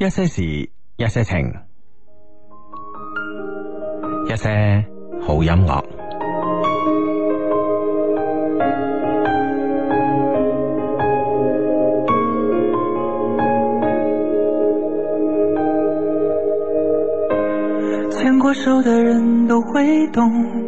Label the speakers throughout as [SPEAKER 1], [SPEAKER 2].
[SPEAKER 1] 一些事，一些情，一些好音樂，
[SPEAKER 2] 牽過手的人都會懂。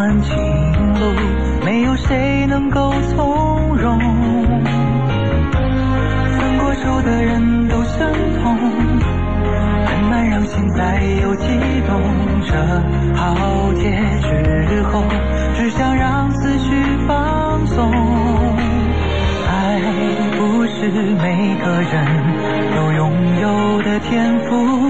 [SPEAKER 2] 感情路，沒有誰能夠從容。分過手的人都心痛，慢慢讓心再有激動。這浩劫之後，只想讓思緒放鬆。愛不是每個人都擁有的天賦。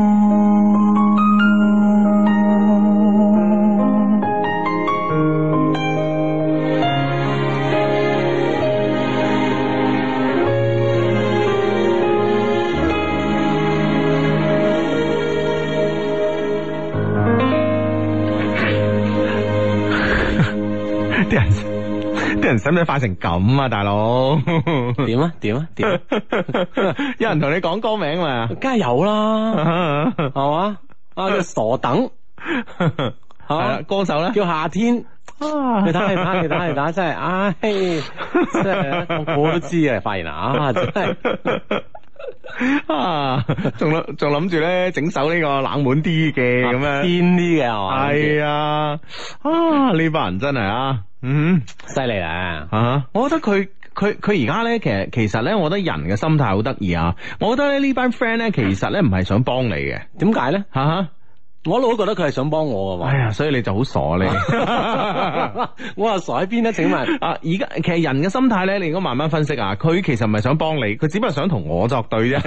[SPEAKER 1] 使唔使快成咁啊，大佬？點 啊？點啊？點、啊？啊、有人同你講歌名咪？梗係有啦，係嘛？啊，叫傻等吓，歌、啊、手咧叫夏天
[SPEAKER 3] 啊，你打嚟打嚟打嚟打，打，打，真
[SPEAKER 1] 係唉、哎，真係我估都知啊！發現啦啊，真係 啊，仲諗仲諗住咧整首呢個冷門啲嘅咁樣癲啲嘅係嘛？係啊、哎、啊！呢班人真係啊！嗯，犀利啦。吓、uh，huh. 我覺得佢佢佢而家咧，其實其實咧，我覺得人嘅心態好得意啊！我覺得咧呢班 friend 咧，其實咧唔係想幫你嘅，點解咧？吓、uh、吓？Huh. 我一路都覺得佢係想幫我啊嘛，哎呀，所以你就好傻咧。我話傻喺邊咧？請問啊，而家其實人嘅心態咧，你應該慢慢分析啊。佢其實唔係想幫你，佢只不過想同我作對啫。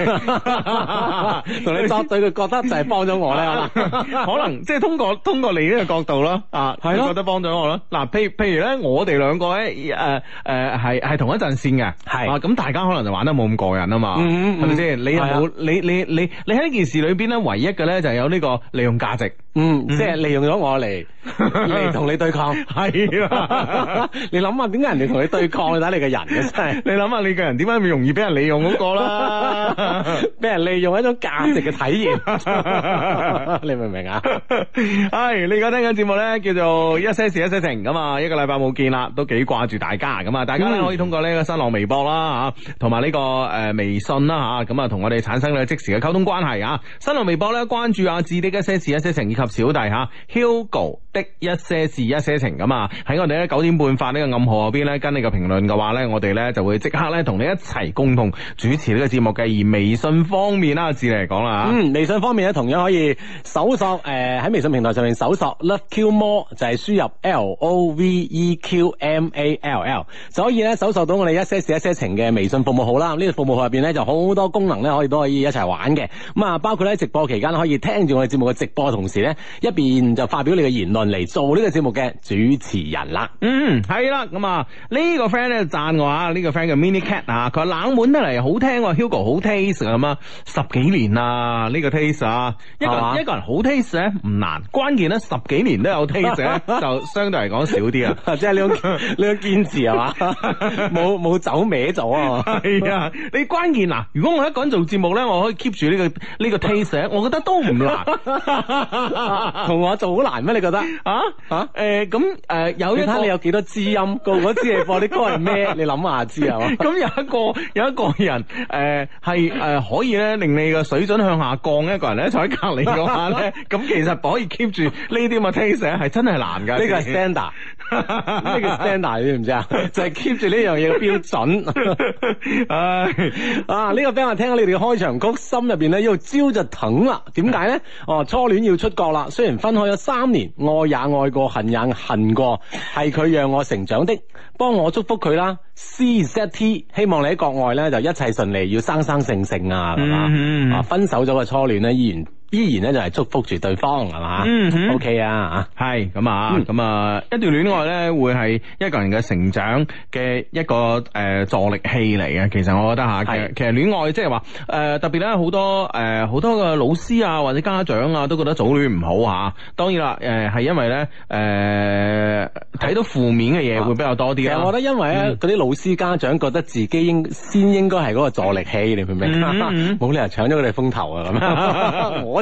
[SPEAKER 1] 同你作對，佢覺得就係幫咗我咧。可能，即係通過通過你呢個角度啦，啊，係覺得幫咗我啦。嗱，譬譬如咧，我哋兩個咧，誒誒，係係同一陣綫嘅，係啊，咁大家可能就玩得冇咁過癮啊嘛，係咪先？你冇，你你你你喺呢件事裏邊咧，唯一嘅咧就係有呢個利用價值，嗯，即係利用咗我嚟嚟同你對抗，係 是的， 你諗下點解人哋同你對抗？睇你嘅人真係，你諗下你嘅人點解咁容易俾人利用嗰個啦？俾 人利用一種價值嘅體驗， 你明唔明啊？係、 哎，你而家聽緊節目咧，叫做一些事一些情，咁啊，一個禮拜冇見啦，都幾掛住大家咁啊！大家可以通過呢個新浪微博啦，吓、啊，同埋呢個誒微信啦，吓，咁啊，同我哋產生咧即時嘅溝通關係啊！新浪微博咧，關注阿志的《一些事》。一些情以及小弟吓 Hugo 的一些事一些情，咁啊，喺我哋咧九點半發呢個暗號入邊咧，跟你嘅評論嘅話咧，我哋咧就會即刻咧同你一齊共同主持呢個節目嘅。而微信方面啦、啊，志禮嚟講啦嗯，微信方面咧同樣可以搜索誒喺、呃、微信平台上面搜索 Love Q More 就係輸入 L O V E Q M A L L，所以咧搜索到我哋一些事一些情嘅微信服務號啦，呢、這個服務號入邊咧就好多功能咧可以都可以一齊玩嘅，咁啊包括咧直播期間可以聽住我哋節目嘅直播。我同時咧，一邊就發表你嘅言論嚟做呢個節目嘅主持人啦。嗯，係啦，咁啊呢個 friend 咧讚我啊。呢、這個 friend 叫 mini cat 啊，佢話冷門得嚟好聽、啊、，Hugo 好 taste 啊咁啊，十幾年啊呢、這個 taste 啊，啊一個一個人好 taste 咧、啊、唔難，關鍵咧、啊、十幾年都有 taste 咧、啊， 就相對嚟講少啲啊， 即係呢種呢種堅持啊嘛，冇 冇走歪咗啊。係 啊，你關鍵嗱、啊，如果我一個人做節目咧，我可以 keep 住呢個呢、這個 taste，、啊、我覺得都唔難。 同、 啊、我做好難咩？你覺得啊啊？誒、啊，咁、啊、誒，有睇你有幾多知音，嗰個知你播啲歌係咩？你諗下知係嘛？咁有一個有一個人誒係誒可以咧令你個水準向下降一個人咧，坐在喺隔籬嘅話咧，咁其實可以 keep 住呢啲咁嘅 taste 係真係難噶。呢個係 standard。呢叫 standard 你知唔知啊？就係 keep 住呢樣嘢嘅標準。 啊，呢、這個 band 話聽咗你哋嘅開場曲，心入邊咧要焦就疼啦。點解呢？哦、啊，初戀要出國啦。雖然分開咗三年，愛也愛過，恨也恨過，係佢讓我成長的。幫我祝福佢啦，C Set 希望你喺國外呢就一切順利，要生生性性啊，咁嘛？啊，分手咗嘅初戀呢？依然。依然咧就係祝福住對方係嘛、嗯嗯，OK 啊，係咁啊，咁啊，一段戀愛咧會係一個人嘅成長嘅一個誒、呃、助力器嚟嘅。其實我覺得吓，是其實戀愛即係話誒，特別咧好多誒好、呃、多嘅老師啊或者家長啊都覺得早戀唔好吓、啊。當然啦，誒係因為咧誒睇到負面嘅嘢會比較多啲。啊啊、我覺得因為咧嗰啲老師家長覺得自己應該先應該係嗰個助力器，你明唔明？冇、嗯嗯、 理由搶咗佢哋風頭啊！咁樣我。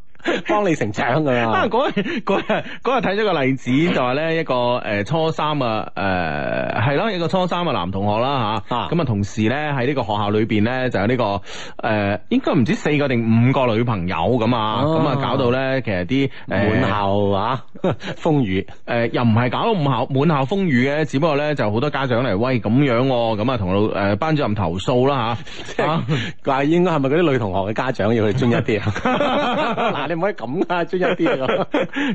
[SPEAKER 1] 幫你成長噶啦！嗰日日日睇咗個例子，就話咧一個誒初三啊誒係咯一個初三嘅，呃、男同學啦吓，咁啊，啊同時咧喺呢個學校裏邊咧就有呢，這個誒、呃、應該唔知四個定五個女朋友咁啊，咁啊搞到咧其實啲滿，呃、校啊 風雨誒、呃、又唔係搞到滿校滿校風雨嘅，只不過咧就好多家長嚟喂，咁樣，啊、咁、呃、啊同老誒班主任投訴啦吓，即係是、啊、應該係咪啲女同學嘅家長要去專一啲啊？ 你唔可以咁噶，專一啲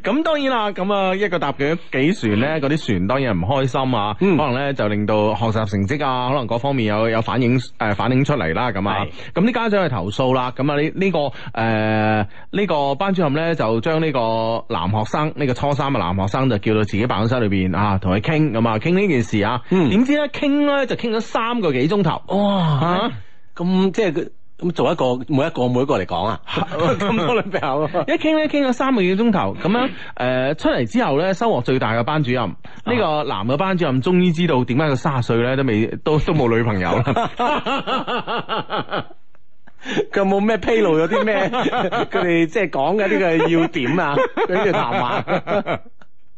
[SPEAKER 1] 咁 當然啦，咁啊一個搭卷幾，幾船咧，嗰啲船當然係唔開心啊。嗯、可能咧就令到學習成績啊，可能各方面有有反映誒、呃，反映出嚟啦。咁啊，咁啲是、嗯、家長去投訴啦。咁啊呢呢、這個誒呢、呃這個班主任咧就將呢個男學生，呢、這個初三嘅男學生就叫到自己辦公室裏邊啊，同佢傾咁啊，傾呢件事啊。點、嗯、知咧，傾咧就傾咗三個幾鐘頭。哇！咁、啊、即係咁做一個每一個每一個嚟講啊，咁多女朋友。啊，一傾咧傾咗三個幾鐘頭，咁樣誒出嚟之後咧，收穫最大嘅班主任，呢個男嘅班主任，終於知道點解佢卅歲咧都未都都冇女朋友啦。佢有冇咩披露咗啲咩？佢哋即係講嘅呢個要點啊？呢個談話。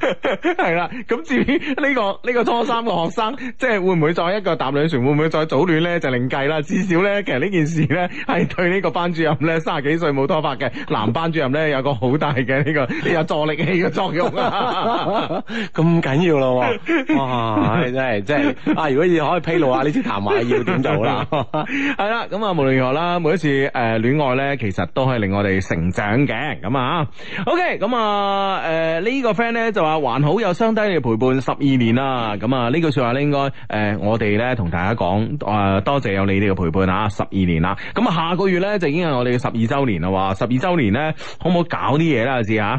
[SPEAKER 1] 係啦，咁 至於呢，這個呢、這個初三嘅學生，即係會唔會再一個搭兩船，會唔會再早戀咧，就另計啦。至少咧，其實呢件事咧，係對呢個班主任咧，三十幾歲冇拍拖嘅男班主任咧，有個好大嘅呢，這個有，這個，助力器嘅作用啊！咁 緊 要咯，哇，真係即係啊！如果你可以披露下呢 次談話要點做好啦。係 啦，咁啊，無論如何啦，每一次誒戀愛咧，其實都係令我哋成長嘅。咁啊，OK，咁啊，誒，okay, 呢，啊呃這個 friend 咧就。啊，還好有相低你嘅陪伴十二年啦，咁啊呢句說話咧，應該誒、呃、我哋咧同大家講啊，多謝有你哋嘅陪伴啊，十二年啦，咁啊下個月咧就已經係我哋嘅十二周年啦，喎，十二周年咧，可唔可以搞啲嘢啦？試下。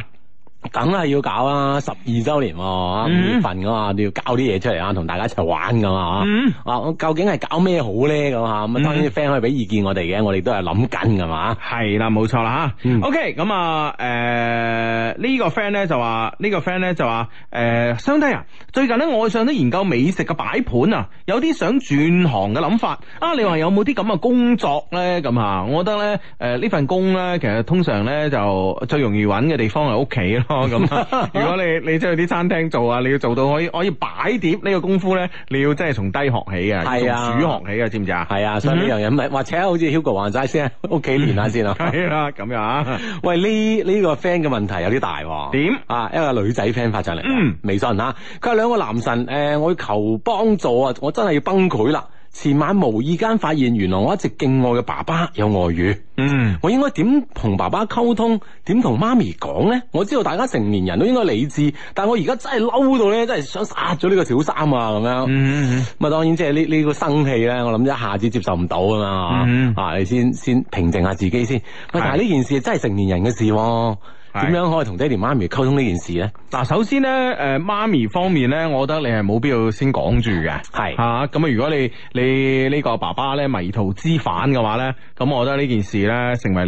[SPEAKER 1] 梗係要搞啦！十二周年啊，五、嗯、月份噶嘛，都要搞啲嘢出嚟啊，同大家一齊玩噶嘛、嗯、啊！究竟係搞咩好咧？咁吓咁啊，當然啲 friend 可以俾意見我哋嘅，我哋都係諗緊噶嘛。係啦，冇錯啦吓。嗯、OK，咁啊，誒、呃、呢、這個 friend 咧就話呢、這個 friend 咧就話誒，兄、呃、弟啊，最近咧我上都研究美食嘅擺盤啊，有啲想轉行嘅諗法啊，你話有冇啲咁嘅工作咧？咁啊，我覺得咧誒呢份工咧，呃這個、其實通常咧就最容易揾嘅地方係屋企咯。咁， 如果你你出去啲餐廳做啊，你要做到可以可以擺碟呢個功夫咧，你要真係從低學起嘅，啊，主學起嘅，知唔知啊？係啊，所以呢樣嘢唔係，嗯、或者好似 Hugo 話齋先，屋企練下先啊，係啦、啊，咁啊喂，呢呢、呢個 friend 嘅問題有啲大喎、啊。點啊？一個女仔 friend 發上嚟，微、嗯、信嚇、啊，佢話兩個男神，誒、呃，我要求幫助啊，我真係要崩潰啦。前晚無意間發現，原來我一直敬愛嘅爸爸有外遇。嗯，我應該點同爸爸溝通？點同媽咪講呢？我知道大家成年人都應該理智，但我而家真係嬲到呢，真係想殺咗呢個小三啊！咁樣，嗯，咁當然即係呢呢個生氣呢，我諗一下子接受唔到啊嘛，嗯、啊，你先先平靜下自己先。喂，但係呢件事真係成年人嘅事啊。點樣可以同爹哋媽咪溝通呢件事咧？嗱，首先咧，誒，媽咪方面咧，我覺得你係冇必要先講住嘅。係吓是，咁啊，如果你你呢個爸爸咧迷途知返嘅話咧，咁我，女、uh, 我覺得呢件事咧，成為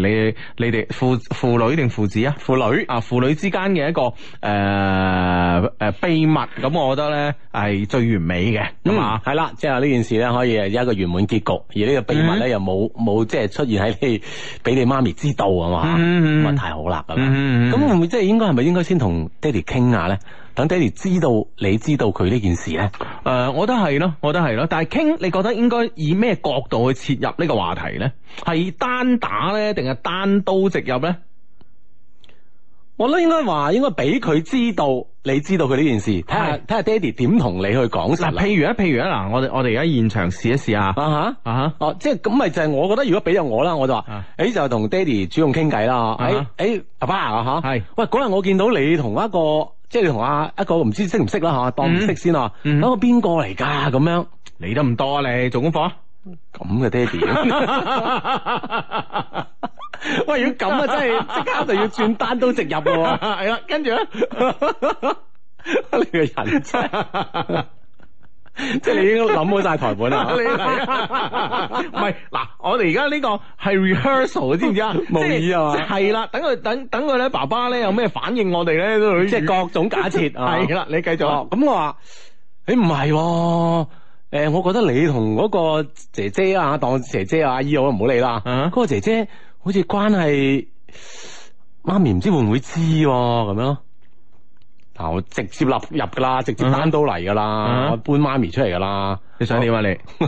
[SPEAKER 1] 你你哋父父女定父子啊？父女啊，父女之間嘅一個誒誒秘密，咁我覺得咧係最完美嘅。咁啊、嗯，係啦，即係呢件事咧可以有一個圓滿結局，而呢個秘密咧又冇冇、嗯、即係出現喺你俾你媽咪知道啊嘛，咁啊好啦。嗯嗯，咁會唔會即係應該係咪應該先同爹哋傾下咧？等爹哋知道你知道佢呢件事咧？誒，我覺得係咯，我覺得係咯。但係傾，你覺得應該以咩角度去切入呢個話題咧？係單打咧，定係單刀直入咧？我都應該話，應該俾佢知道，你知道佢呢件事，睇下睇下爹哋點同你去講嗱，譬如啊，譬如啊，嗱，我哋我哋而家現場試一試啊。啊哈哦，即係咁咪就係，我覺得如果俾咗我啦，我就話，誒就同爹哋主動傾偈啦。誒誒，爸爸吓係，喂嗰日我見到你同一個，即係你同阿一個唔知識唔識啦吓，當唔識先啊，等個邊個嚟噶咁樣？理得唔多你做功課，咁嘅爹哋。喂，如果咁啊，真係即刻就要轉單刀直入咯，係啦，跟住咧， 你個人真 即係你已經諗好晒台本啦。唔係嗱，我哋而家呢個係 rehearsal，知唔知啊？模擬啊嘛，係啦，等佢等等佢咧，爸爸咧有咩反應我呢，我哋咧都即係各種假設。係啦， 你繼續。咁、啊、我話，誒唔係，誒、啊欸、我覺得你同嗰個姐姐啊，當姐姐啊阿姨，我唔好理啦。嗰 個姐姐。好似關係媽咪唔知會唔會知咁樣，嗱、啊、我直接笠入噶啦，直接單刀嚟噶啦，啊、我搬媽咪出嚟噶啦，你想點啊你？我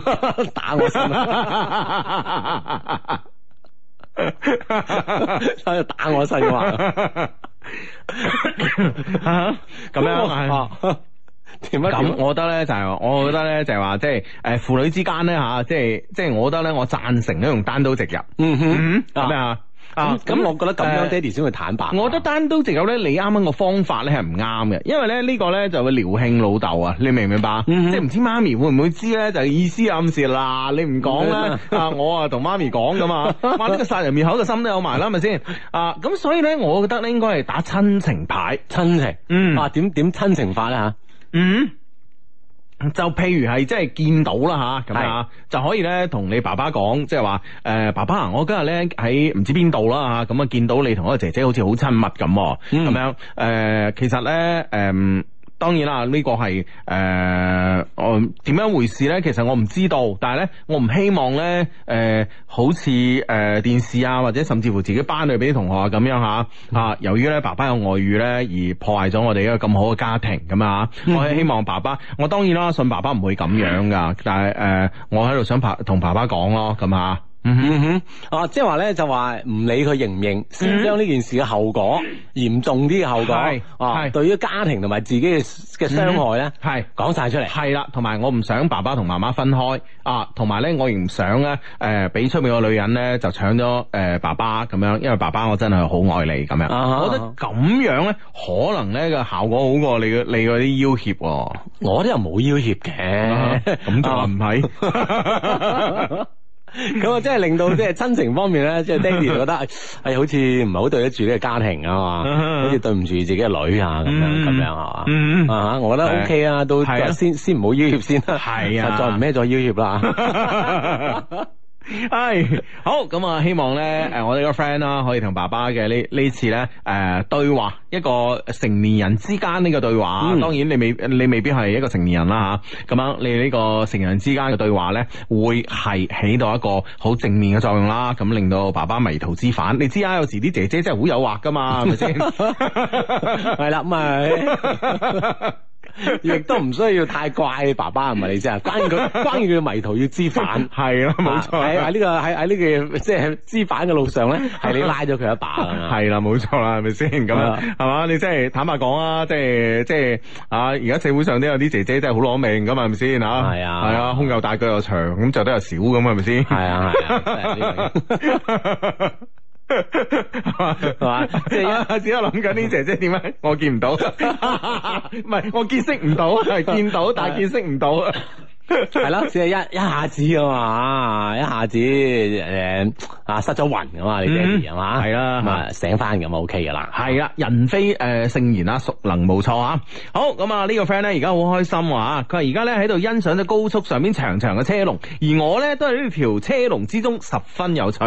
[SPEAKER 3] 打我身啊！
[SPEAKER 1] 喺 度打我身話，咁 身 樣啊？ 啊咁，我覺得咧就係我覺得咧就係話，即係誒父女之間咧嚇，即係即係，我覺得咧我贊成咧用單刀直入。嗯哼，咁啊，咁咁，我覺得咁樣爹哋先會坦白。我覺得單刀直入咧，你啱啱個方法咧係唔啱嘅，因為咧呢個咧就會撩興老豆啊！你明唔明白？即係唔知媽咪會唔會知咧？就意思暗示啦，你唔講咧，啊我啊同媽咪講㗎嘛，哇！呢個殺人滅口嘅心都有埋啦，係咪先？啊咁，所以咧，我覺得咧應該係打親情牌，親情。嗯，啊點點親情法咧嚇？嗯，就譬如係即係見到啦吓，咁啊是就可以咧同你爸爸講，即係話誒，爸爸，我今日咧喺唔知邊度啦吓，咁啊見到你同個姐姐好似好親密咁，咁、嗯、樣誒、呃，其實咧誒。呃當然啦，呢、這個係誒、呃，我點樣回事呢？其實我唔知道，但係呢，我唔希望呢，誒、呃，好似誒、呃、電視啊，或者甚至乎自己班裏邊啲同學啊咁樣吓啊！由於咧爸爸有外遇呢，而破壞咗我哋一個咁好嘅家庭咁啊！我係希望爸爸， 我當然啦，信爸爸唔會咁樣噶， 但係誒、呃，我喺度想同爸爸講咯，咁啊！嗯哼，mm hmm. 啊，即係話咧，就話唔理佢認唔認，先將呢件事嘅後果嚴重啲嘅後果，後果 mm hmm. 啊，是對於家庭同埋自己嘅嘅傷害咧，係講晒出嚟，係啦，同埋我唔想爸爸同媽媽分開，啊，同埋咧我亦唔想咧，誒、呃，俾出面個女人咧就搶咗誒爸爸咁樣，因為爸爸我真係好愛你咁樣，uh huh. 我覺得咁樣咧可能咧個效果好過你嘅你嗰啲要挾、啊，我啲又冇要挾嘅，咁就話唔係。 咁 啊，即係令到即係親情方面咧，即係爹哋覺得，哎好似唔係好對得住呢個家庭啊嘛， 好似對唔住自己嘅女啊咁樣，咁樣係嘛，嗯、啊我覺得 OK 啊，到先先唔好要挾先啦，係啊，再唔咩再要挾啦。 係好咁啊！希望呢，誒，我哋個 friend 啦，可以同爸爸嘅呢呢次呢誒，對話一個成年人之間呢個對話，嗯、當然你未你未必係一個成年人啦吓，咁、嗯、樣你呢個成人之間嘅對話呢，會係起到一個好正面嘅作用啦，咁令到爸爸迷途知返。你知啊，有時啲姐姐真係好誘惑噶嘛，係咪先？係啦，咁啊。亦都唔需要太怪爸爸，係咪你先啊？關於佢，關於佢嘅迷途要知返，係咯、 啊，冇錯。喺呢、啊啊這個喺喺呢個即係知返嘅路上咧，係你拉咗佢一把 啊！係啦，冇錯啦，係咪先？咁啊，係嘛？你即係坦白講啊，即係即係啊！而家社會上都有啲姐姐真係好攞命㗎嘛，係咪先啊？係啊，係 啊，胸又大，腳又長，咁就得又少咁，係咪先？係啊，係啊。係嘛？係嘛 在，即係只係諗緊啲姐姐點樣？我見唔到，唔 係我見識唔到，係 見到，但係見識唔到。 係咯，只係一一下子啊嘛，一下子誒啊失咗魂啊嘛，你爹哋係嘛，係啦，醒翻咁啊 OK 噶啦，係、嗯、啦， 人非誒聖賢啊，孰、呃、能無錯啊？好咁啊，呢個 friend 咧而家好開心啊，佢話而家咧喺度欣賞咗高速上面長長嘅車龍，而我咧都喺呢條車龍之中十分有趣。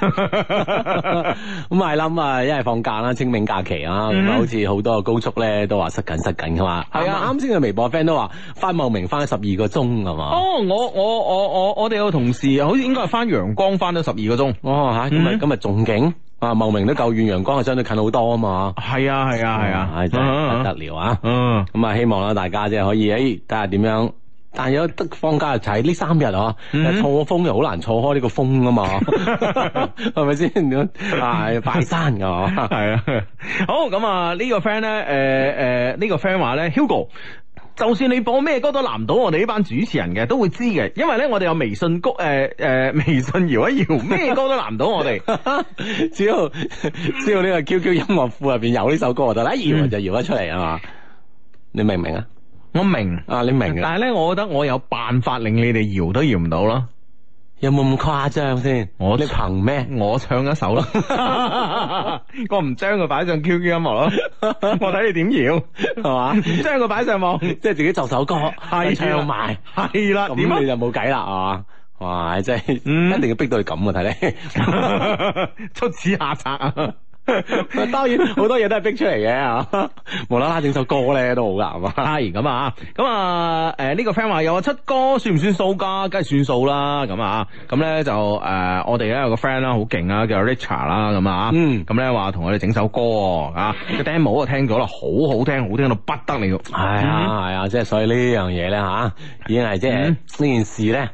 [SPEAKER 1] 咁係啦，咁啊一係放假啦，清明假期啊，咁啊好似好多高速咧都話塞緊塞緊噶嘛，係啊，啱先嘅微博 friend 都話翻茂名翻咗十二個鐘。哦，我我我我我哋有個同事，好似應該係翻陽光翻咗十二個鐘，哦吓，咁咪咁咪仲景啊，茂名都夠遠，陽光係相對近好多啊嘛，係啊係啊係啊，啊啊嗯、真係不得了啊，咁啊，啊，啊、嗯嗯、希望啦大家即係可以，誒，睇下點樣，但有得放假就睇呢三日啊，錯峰、嗯、又好難錯開呢個峰啊嘛，係咪先？點啊，係拜山噶嗬、啊，係 啊，好，咁、嗯、啊、這個、呢、呃呃這個 friend 咧，誒誒呢個 friend 話咧，Hugo。就算你播咩歌都難唔到我哋呢班主持人嘅，都會知嘅。因為咧，我哋有微信谷，誒、呃、誒、呃，微信搖一搖，咩歌都難唔到我哋。 只要只要呢個 QQ 音樂庫入邊有呢首歌就得，啦、嗯，搖就搖得出嚟啊嘛？你明唔明啊？我明啊，你明。但係咧，我覺得我有辦法令你哋搖都搖唔到咯。有冇咁誇張先？我你憑咩？我唱一首咯，我唔將佢擺上 QQ 音樂咯，我睇你點要係嘛？唔將佢擺上網，即係自己就首歌，係唱埋，係啦，咁你就冇計啦，係嘛？哇，真係一定要逼到你咁啊！睇你出此下策啊！ 當然好多嘢都係逼出嚟嘅啊，無啦啦整首歌咧都好噶，係嘛。當然咁啊，咁啊，誒呢個 friend 話有話出歌算唔算數噶？梗係算數啦。咁啊，咁咧就誒我哋咧有個 friend 啦，好勁啊，叫 Richard 啦，咁啊，嗯，咁咧話同我哋整首歌啊，個 demo 啊聽咗啦，好好聽，好聽到不得了。係啊係啊，即係所以呢樣嘢咧吓，已經係即係呢、嗯嗯嗯哎嗯嗯哎、件事咧，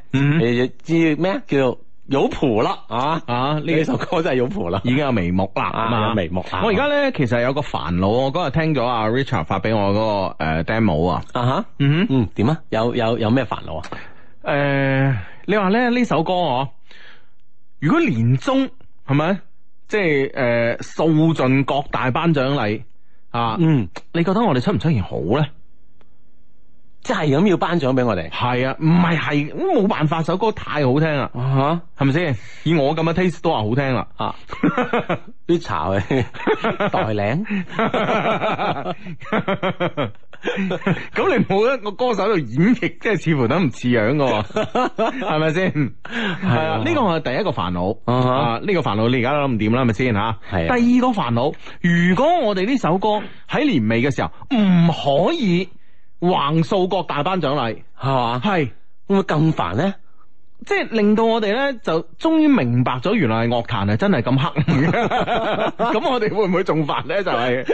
[SPEAKER 1] 你知咩啊叫。有譜啦，啊啊！呢幾首歌真係有譜啦，已經有眉目啦，啊，有眉目啊！我而家咧其實有個煩惱，我今日聽咗阿 Richard 發俾我個誒 demo 啊，啊哈，嗯嗯，點啊？有有有咩煩惱啊？誒，你話咧呢首歌我如果年終係咪即係誒掃盡各大頒獎禮啊？嗯，你覺得我哋出唔出現好咧？即係咁要頒獎俾我哋，係啊，唔係係冇辦法，首歌太好聽啦，係咪先？以我咁嘅 taste 都話好聽啦， 啊，啲茶去代領，咁你冇一個歌手喺度演繹，即係似乎都唔似樣噶，係咪先？係啊，呢個我第一個煩惱，uh huh. 啊，呢、這個煩惱你而家諗唔掂啦，係咪先吓？係、 啊。第二個煩惱，如果我哋呢首歌喺年尾嘅時候唔可以，橫掃各大頒獎禮，係嘛吧？係會唔會咁煩咧？即係令到我哋咧，就終於明白咗，原來係樂壇係真係咁黑暗。咁 我哋會唔會仲煩咧？就係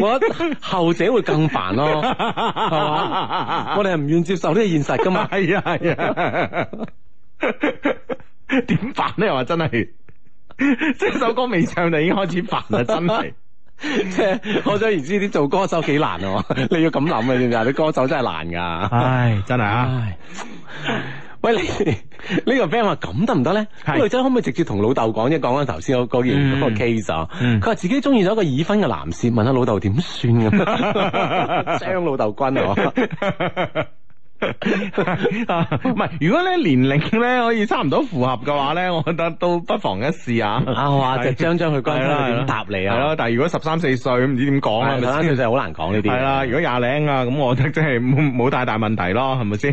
[SPEAKER 1] 我覺得後者會更煩咯，
[SPEAKER 3] 係嘛？我哋係
[SPEAKER 1] 唔願接受呢個現實噶嘛？係啊係啊，點煩咧？又話真係，即係首歌未唱就已經開始煩啦，真係。即係可想而知，啲做歌手幾難喎、啊 啊。你要咁諗啊，真係啲歌手真係難噶、啊。唉、 哎，真係啊。 喂，你呢個 friend 話咁得唔得咧？你行行是女仔可唔可以直接同老豆講啫？講翻頭先嗰件嗰個 case 啊。佢話、嗯、自己中意咗一個已婚嘅男士，問下老豆點算咁樣，將老豆軍啊。唔係，如果你年齡咧可以差唔多符合嘅話咧，我覺得都不妨一試下啊！啊、哦，就將將佢關咁答你啊，係咯。但係如果十三四歲唔知點講啊，十三四歲好難講呢啲。係啦，如果廿零啊，咁我覺得真係冇太大問題咯，係咪先？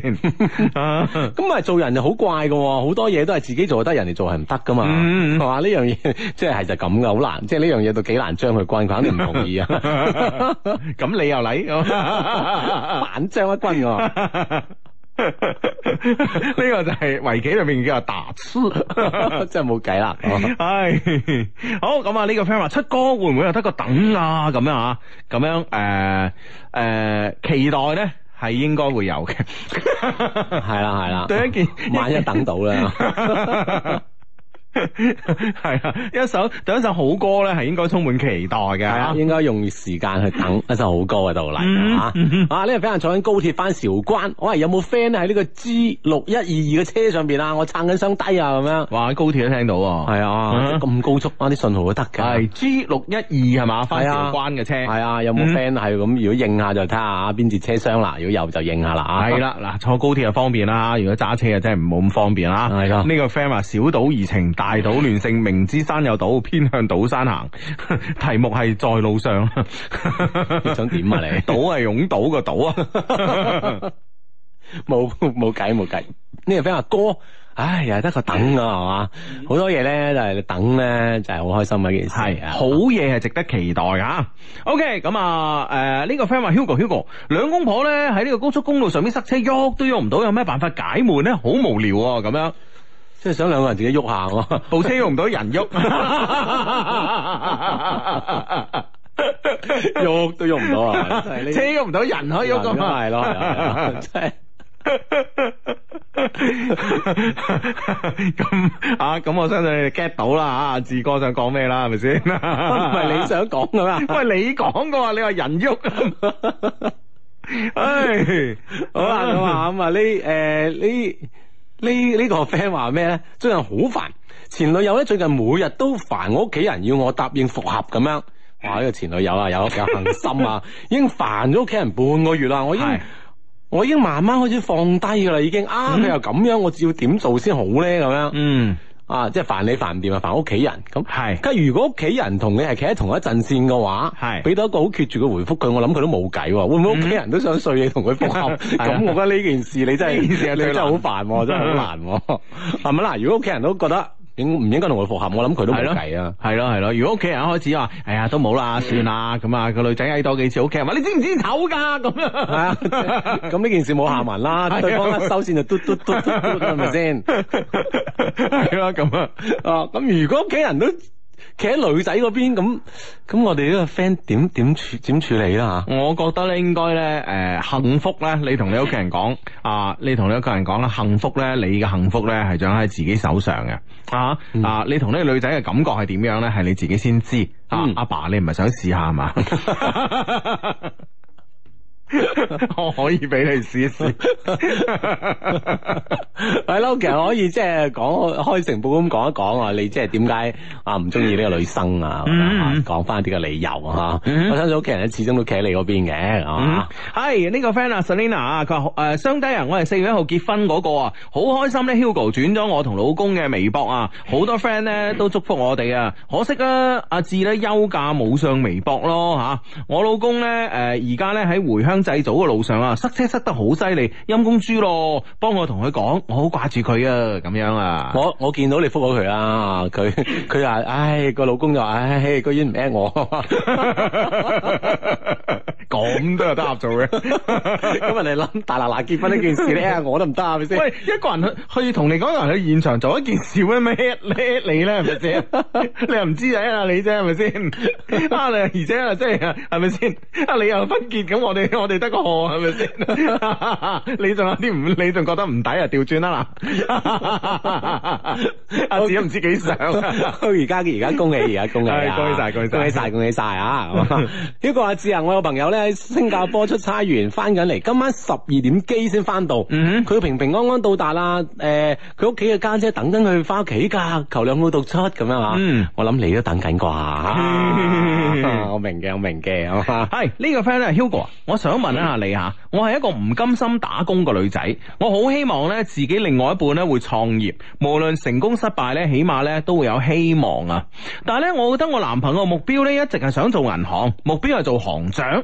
[SPEAKER 1] 咁啊，做人就好怪噶，好多嘢都係自己做得，人哋做係唔得噶嘛，係嘛、嗯？呢、啊、樣嘢即係就咁噶，好難。即係呢樣嘢都幾難將佢關，肯定唔同意 又 啊。咁你又嚟反將一軍。呢 個就係圍棋裏面叫做打痴，真係冇計啦。唉，好咁啊，呢、 這個 friend 話出歌會唔會又得個等啊？咁樣啊，咁樣誒誒、呃呃，期待咧係應該會有嘅，係啦係啦，對一件萬一等到啦。 係 啊，一首第一首好歌咧，係應該充滿期待嘅、 啊，應該用時間去等一首好歌嘅到嚟啊！啊，呢日俾人坐緊高鐵翻韶關，喂有冇 friend 喺呢個 G 六一二二嘅車上邊啊？我撐緊箱低啊，咁樣哇！高鐵都聽到，係啊，咁、啊啊、高速啊，啲信號都得嘅。係 G 六一二係嘛？翻韶關嘅車係啊，啊？有冇 friend 係咁？如果應下就睇下啊，邊節車廂啦？如果有就應下啦。係啦、啊，嗱、啊，坐高鐵就方便啦，如果揸車就啊，真係唔好咁方便啊。係呢個 friend 話小島怡情。大堵亂成，明知山有堵，偏向堵山行。 題目係在路上， 你想點啊你？堵係擁堵個堵啊，冇冇計冇計。呢個 friend 話哥，唉、 哎，又係得個等啊，係嘛、 就是？好多嘢咧就係等咧，就係好開心嘅一件事。係，好嘢係值得期待啊。 OK，咁啊，誒、呃，呢、這個 friend 話 Hugo Hugo 兩公婆咧喺呢個高速公路上面塞車喐都喐唔到，有咩辦法解悶咧？好無聊啊，咁樣。即係想兩個人自己喐下喎，部車喐唔到人喐，喐都喐唔到啊！車喐唔到人可以喐噶嘛？咁係咯，
[SPEAKER 3] 咁
[SPEAKER 1] 嗯、啊！咁、嗯、我相信你哋 get 到啦，啊，志哥想講咩啦？係咪先？唔係你想講噶啦，喂、呃，你講噶喎！你話人喐，唉，好啦，咁啊，咁啊，呢誒呢。呢呢個 friend 話咩咧？最近好煩，前女友咧最近每日都煩我屋企人，要我答應復合咁樣。話，呢、這個前女友啊，有有恒心啊， 已經煩咗屋企人半個月啦。我已經是我已經慢慢開始放低噶啦，已經啊，嗯、你又咁樣，我要點做先好咧？咁樣嗯。啊！即係煩你煩唔掂啊，煩屋企人咁。係，是但如果屋企人同你係企喺同一陣線嘅話，係俾是到一個好決絕嘅回覆佢，我諗佢都冇計喎。會唔會屋企人都想碎你同佢復合？咁、嗯、 我覺得呢件事你真係呢件事你真係好煩，真係好難，係咪嗱，如果屋企人都覺得。應唔應該同佢復合？我諗佢都冇計啊。係咯，係咯。如果屋企人一開始話，哎呀都冇啦，算啦咁啊，個女仔嗌多幾次，屋企人話你知唔知醜噶咁樣，係啊。咁呢件事冇下文啦。 對方一收線就嘟嘟嘟嘟，嘟 吧，係咪先？係咯，咁 啊。哦，咁如果屋企人都。企喺女仔嗰邊咁，咁我哋呢個 friend 點點處點處理啦吓？我覺得咧應該咧，誒、呃，幸福咧，你同你屋企人講啊，你同你屋企人講啦，幸福咧，你嘅幸福咧係掌握喺自己手上嘅啊！啊，你同呢個女仔嘅感覺係點樣咧？係你自己先知、嗯、啊！阿爸，爸，你唔係想試下嘛？ 我可以俾你試一試，係咯，其實可以即係講開成本咁講一講啊，你即係點解啊唔中意呢個女生啊？講翻啲個理由吓，嗯、我相信屋企人咧始終都企喺你嗰邊嘅，係嘛？呢個 friend 啊，Selina 啊，佢誒相低啊，我係四月一號結婚嗰、那個啊，好開心咧，Hugo 轉咗我同老公嘅微博啊，好多 friend 咧都祝福我哋啊，可惜啊，阿志咧休假冇上微博咯吓，我老公咧誒而家咧喺回鄉。祭祖嘅路上啊，塞車塞得好犀利，陰公豬咯，幫我同佢講，我好掛住佢啊，咁樣啊，我我見到你復咗佢啦，佢佢話，唉，個老公就話，唉，居然唔 at 我。 咁都有得合作嘅，咁人哋諗大嗱嗱結婚呢件事咧，我都唔得啊，係咪先？喂，一個人去同你講，人去現場做一件事咧咩咧你咧，係咪先？你又唔知啊？你啫係咪先？啊，你而且啊，即係係咪先？啊，你又婚結咁，我哋我哋得個賀係咪先？你仲有啲唔，你仲覺得唔抵 啊？調轉啊嗱，阿志都唔知幾想，佢而家而家恭喜而家恭喜啊！恭喜晒。恭喜晒，恭喜晒。 啊！呢個阿志啊，我有朋友咧。喺新加坡出差完，翻緊嚟，今晚十二點幾先翻到。佢、mm hmm. 平平安安到達啦。誒、呃，佢屋企嘅家姐，姐等緊佢去翻屋企噶，求兩母獨出咁樣啊。Mm hmm. 我諗你都等緊啩。我明嘅，我明嘅。係呢個 friend 咧，Hugo，我想問一下你吓，我係一個唔甘心打工嘅女仔，我好希望咧自己另外一半咧會創業，無論成功失敗咧，起碼咧都會有希望啊。但係咧，我覺得我男朋友嘅目標咧一直係想做銀行，目標係做行長。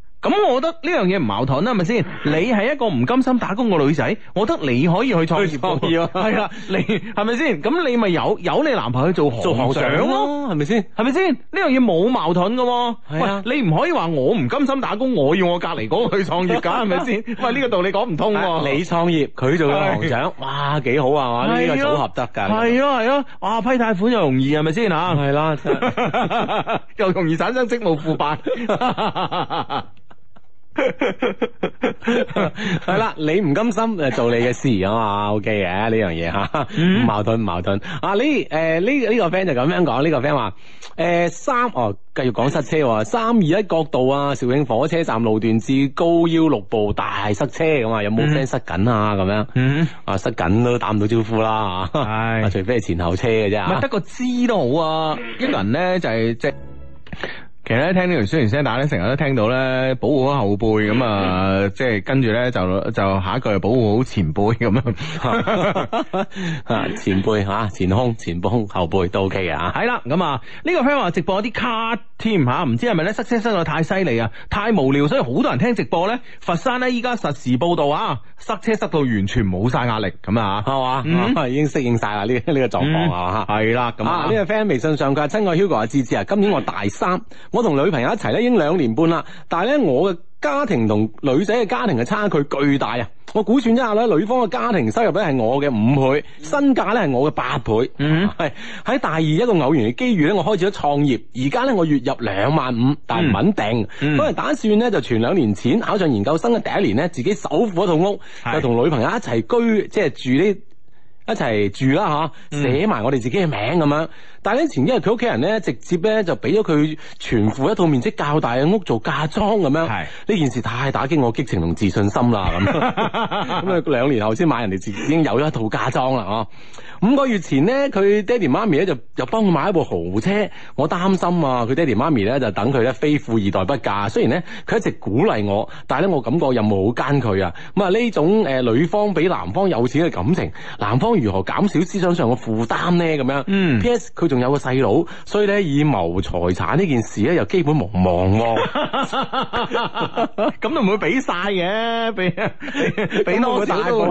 [SPEAKER 1] 咁我覺得呢樣嘢唔矛盾啦，係咪先？你係一個唔甘心打工嘅女仔，我覺得你可以去創業，係啊，你係咪先？咁你咪有有你男朋友去做行長咯，啊，係咪先？係咪先？呢樣嘢冇矛盾噶，啊。啊，喂，你唔可以話我唔甘心打工，我要我隔籬嗰個去創業噶，係咪先？喂，呢個道理講唔通，啊。你創業，佢做行長，是哇，幾好啊？呢個組合得噶。係啊係啊，哇，批貸款又容易，係咪先吓？係啦，又容易產生職務腐敗。 係啦， 你唔甘心誒，做你嘅事啊嘛，OK 嘅呢樣嘢吓，矛盾唔矛盾？阿李誒，呢、啊、呢、這個、呃這個、friend 就咁樣講，呢、這個 friend 話誒、啊、三哦，繼續講塞車喎、啊，三二一國道啊，肇慶火車站路段至高要六部大塞車咁啊，有冇 friend 塞緊啊？咁、啊、樣 啊，塞緊都打唔到招呼啦，係啊，除非係前後車嘅啫，得個知都好啊，啲人咧就係即。 其實咧聽呢條宣傳聲帶咧，成日都聽到咧保護好後輩咁啊，即係跟住咧就就下一句係保護好前輩咁樣、， 啊啊、樣啊，前輩吓，前胸前胸後背都 OK 嘅吓，係啦。咁啊呢個 friend 話直播有啲卡添吓，唔、啊、知係咪咧塞車塞到太犀利啊，太無聊，所以好多人聽直播咧。佛山咧依家實時報道啊，塞車塞到完全冇晒壓力咁啊，係嘛、 嗯啊，已經適應晒啦呢呢個狀況係嘛，係啦咁啊呢、啊啊這個 friend 微信上佢係親愛 Hugo 阿芝芝啊，今年我大三。 我同女朋友一齊咧，已經兩年半啦。但係咧，我嘅家庭同女仔嘅家庭嘅差距巨大啊！我估算一下啦，女方嘅家庭收入咧係我嘅五倍，身價咧係我嘅八倍。係喺、mm hmm. 大二一個偶然嘅機遇咧，我開始咗創業。而家咧我月入兩萬五，但唔穩定。本來、mm hmm. 打算咧就存兩年錢，考上研究生嘅第一年咧自己首付一套屋，mm hmm. 就同女朋友一齊居，即係住啲。一齊住啦，嗬，寫埋我哋自己嘅名咁樣。嗯、但係咧前一日佢屋企人咧，直接咧就俾咗佢全副一套面積較大嘅屋做嫁妝咁樣。呢是件事太打擊我激情同自信心啦。咁咁啊，兩年後先買人哋自己已經有一套嫁妝啦，嗬。五個月前咧，佢爹哋媽咪咧就又幫佢買一部豪車。我擔心啊，佢爹哋媽咪咧就等佢咧非富二代不嫁。雖然咧佢一直鼓勵我，但係咧我感覺任務好艱巨啊。咁啊呢種誒女方比男方有錢嘅感情，男方。如何減少思想上嘅負擔呢？咁樣，P.S. 佢仲有個細佬，所以咧以謀財產呢件事咧又基本無望，啊。咁都唔會俾晒嘅，俾俾到佢大。即係會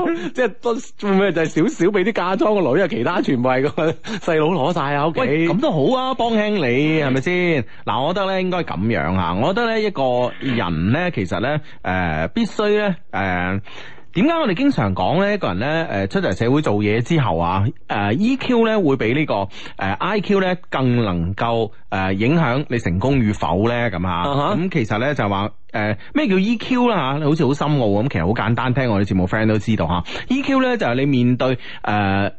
[SPEAKER 1] 唔會就係少少俾啲嫁妝個女，其他全部係個細佬攞晒，啊屋企。咁都好啊，幫輕你係咪先？嗱， 我覺得咧應該咁樣吓，我覺得咧一個人咧其實咧誒必須咧誒。呃點解我哋經常講呢一個人，呃 EQ，呢，誒，出嚟社會做嘢之後啊，誒，E Q 呢會比，這個呃 IQ，呢個誒 I Q 呢更能夠誒，呃，影響你成功與否呢？咁啊，咁，uh huh. 其實呢，就話誒咩叫 E Q 啦吓，好似好深奧咁，其實好簡單，聽我哋節目 friend 都知道吓，E Q 呢，就係、是、你面對誒，呃，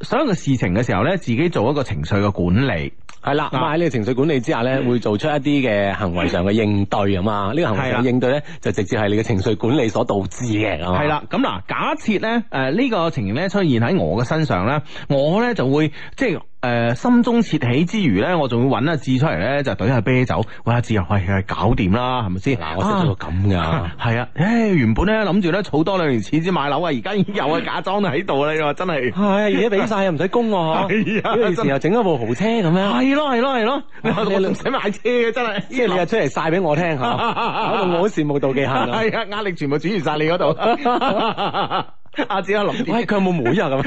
[SPEAKER 1] 所有嘅事情嘅時候呢，自己做一個情緒嘅管理。係啦，咁啊喺你情緒管理之下咧，會做出一啲嘅行為上嘅應對啊嘛，呢 個行為上嘅應對咧就直接係你嘅情緒管理所導致嘅。係啦，咁、嗯、嗱，假設咧，誒呢個情形咧出現喺我嘅身上咧，我咧就會即係。就是誒，心中竊喜之餘咧，我仲要揾一字出嚟咧，就懟下啤酒。哇，字又係係搞掂啦，係咪先？嗱，我真做到咁噶。係啊，誒，原本咧諗住咧儲多兩年錢先買樓啊，而家已經又啊假裝喺度啦，真係。係啊，而家俾晒又唔使供嗬。係啊，有時又整咗部豪車咁樣。係咯係咯係咯，你唔使買車嘅真係，即係你又出嚟晒俾我聽，搞到我都羨慕妒忌恨。係啊，壓力全部轉移晒你嗰度。阿子啊，林，喂，佢有冇妹啊？咁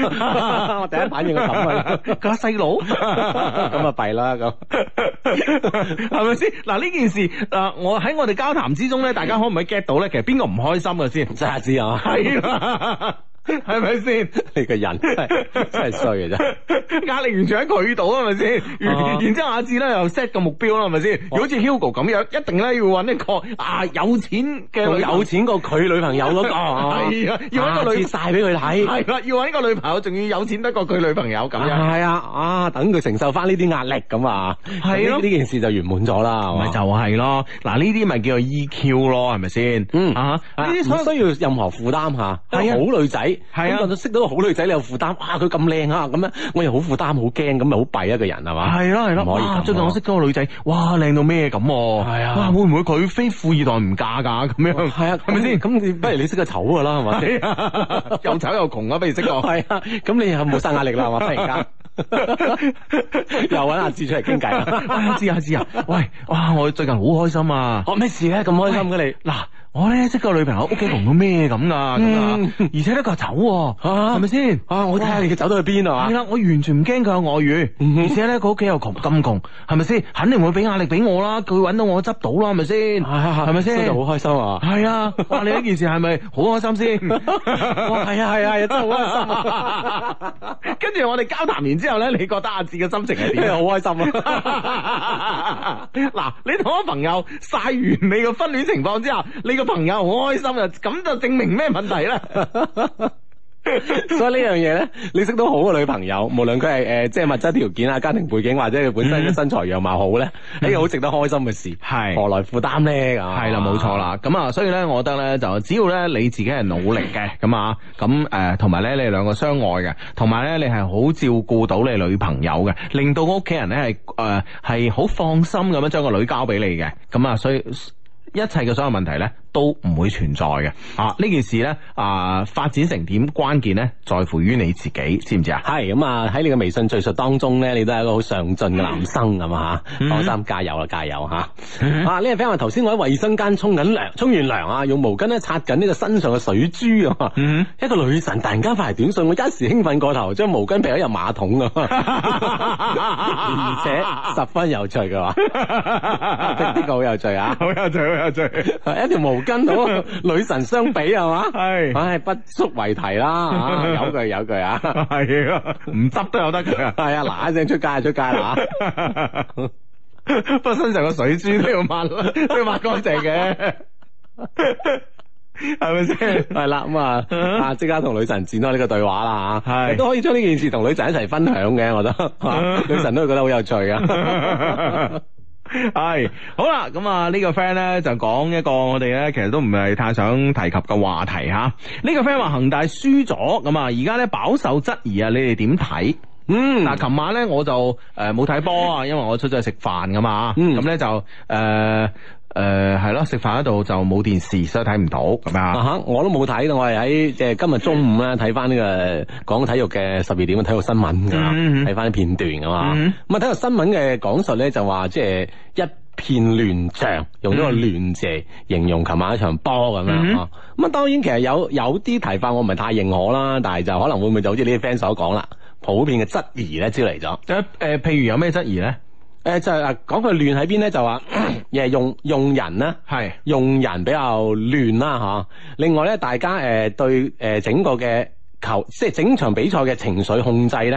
[SPEAKER 1] 我第一反應個諗法，佢有細佬，咁 糟 啊弊啦咁，係咪先？嗱呢件事，誒、啊，我喺我哋交談之中咧，大家可唔可以 get 到咧？其實邊個唔開心嘅先？ 真係知 啊，係嘛。係咪先？你個人真係衰嘅啫，壓力完全喺佢度，係咪先？然之後阿志咧又 set 個目標啦，係咪先？如果好似 Hugo 咁樣，一定咧要搵一個啊有錢嘅，有錢過佢女朋友嗰個。係啊，要搵個女晒俾佢睇。係啦，要搵個女朋友，仲要有錢得過佢女朋友咁。係啊，啊等佢承受翻呢啲壓力咁啊。係咯，呢件事就圓滿咗啦。咪就係咯，嗱呢啲咪叫做 EQ 咯，係咪先？嗯啊，呢啲唔需要任何負擔吓，係啊，好女仔。係啊，識到個好女仔，你又負擔，哇，佢咁靚啊，咁樣我又好負擔，好驚，咁咪好弊一個人係嘛？係咯係咯，我而家最近我識到個女仔，哇，靚到咩咁？係啊，哇，會唔會佢非富二代唔嫁噶？咁樣係啊，係咪先？咁你不如你識個醜噶啦，係嘛？又醜又窮啊，不如識我。係啊，咁你係冇晒壓力啦，係嘛？突然間又搵阿志出嚟傾偈啦，阿志阿志啊，喂，哇！我最近好開心啊，我咩事咧？咁開心嘅你嗱？我咧識個女朋友屋企窮到咩咁啊？而且咧佢又走，係咪先？啊，我睇下你嘅走到去邊啊！我完全唔驚佢有外遇，而且咧佢屋企又窮咁窮，係咪先？肯定會俾壓力俾我啦，佢揾到我執到啦，係咪先？係咪先？我就好開心啊！係啊，你呢件事係咪好開心先？係啊係啊，真好開心。跟住我哋交談完之後咧，你覺得阿志嘅心情係點？好開心啊！嗱，你同我朋友晒完你嘅婚戀情況之後，你朋友好開心啊！咁就證明咩問題呢？所以呢樣嘢咧，你識到好嘅女朋友，無論佢係誒，即係物質條件啊、家庭背景或者佢本身嘅身材樣貌好咧，呢個好值得開心嘅事。係何來負擔咧？咁係啦，冇錯啦。咁啊，所以咧，我覺得咧，就只要咧你自己係努力嘅，咁啊，咁誒，同埋咧你哋兩個相愛嘅，同埋咧你係好照顧到你女朋友嘅，令到屋企人咧係誒係好放心咁樣將個女交俾你嘅。咁啊，所以。一切嘅所有問題咧，都唔會存在嘅。啊，呢件事咧，啊發展成點關鍵咧，在乎於你自己，知唔知啊？係咁啊！喺你嘅微信敘述當中咧，你都係一個好上進嘅男生，咁嘛吓？放心，加油啦，加油吓！啊，呢位 friend 話頭先我喺衛生間沖緊涼，沖完涼啊，用毛巾咧擦緊呢個身上嘅水珠啊！一個女神突然間發嚟短信，我一時興奮過頭，將毛巾撇咗入馬桶啊。而且十分有趣嘅話，呢個好有趣啊，好有趣。一條毛巾同女神相比係嘛？係，唉，不足為提啦，啊，有句有句啊，係咯，唔執都有得嘅，係啊，嗱一聲出街就出街啦，不過身上個水珠都要抹，都要抹乾淨嘅，係咪先？係啦，咁啊，啊，即刻同女神展開呢個對話啦，係都可以將呢件事同女神一齊分享嘅，我覺得女神都會覺得好有趣嘅。係 好啦，咁啊呢個 friend 呢就講一個我哋呢其實都唔係太想提及嘅話題吓。這個、呢個 friend 話恆大輸咗，咁啊而家呢飽受質疑、嗯、啊，你哋點睇？嗯，嗱，琴晚呢我就誒冇睇波啊，因為我出咗去食飯噶嘛，咁、嗯、呢就誒。呃誒，係咯、呃，食飯喺度就冇電視，所以睇唔到，咁樣吓？我都冇睇，我係喺即係今日中午咧睇翻呢個講體育嘅十二點嘅體育新聞噶啦，睇翻啲片段噶嘛。咁啊、嗯，體、嗯、育新聞嘅講述咧就話即係一片亂象，用呢個亂字、嗯、形容琴晚一場波咁、嗯嗯、樣咁啊，嗯嗯、當然其實有有啲提法我唔係太認可啦，但係就可能會唔會就好似呢啲 fans 所講啦，普遍嘅質疑咧招嚟咗。誒、呃呃，譬如有咩質疑咧？誒、呃，就係、是、啊，講佢亂喺邊咧，就話，亦係用用人咧，係是用人比較亂啦，吓。另外咧，大家誒對誒整個嘅球，即係整場比賽嘅情緒控制咧，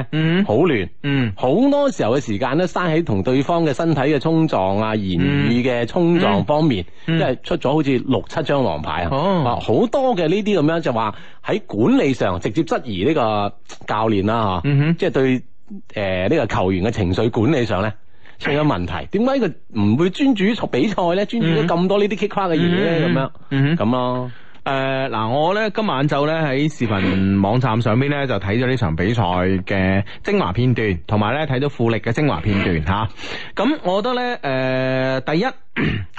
[SPEAKER 1] 好亂，嗯，好多時候嘅時間咧，生喺同對方嘅身體嘅衝撞啊，言語嘅衝撞方面，mm hmm. mm hmm. 即係出咗好似六七張黃牌、啊，哦、oh.，好多嘅呢啲咁樣就話、是、喺管理上直接質疑呢個教練啦，吓、mm，即、hmm. 係對誒呢、呃這個球員嘅情緒管理上咧。出咗問題，點解佢唔會專注於比賽咧？專注咗咁多呢啲激誇嘅嘢咧？咁、嗯嗯、樣，咁咯。誒嗱，我咧今晚就咧喺視頻網站上邊咧就睇咗呢場比賽嘅精華片段，同埋咧睇到富力嘅精華片段吓，咁、嗯哼啊、我覺得咧誒、呃、第一。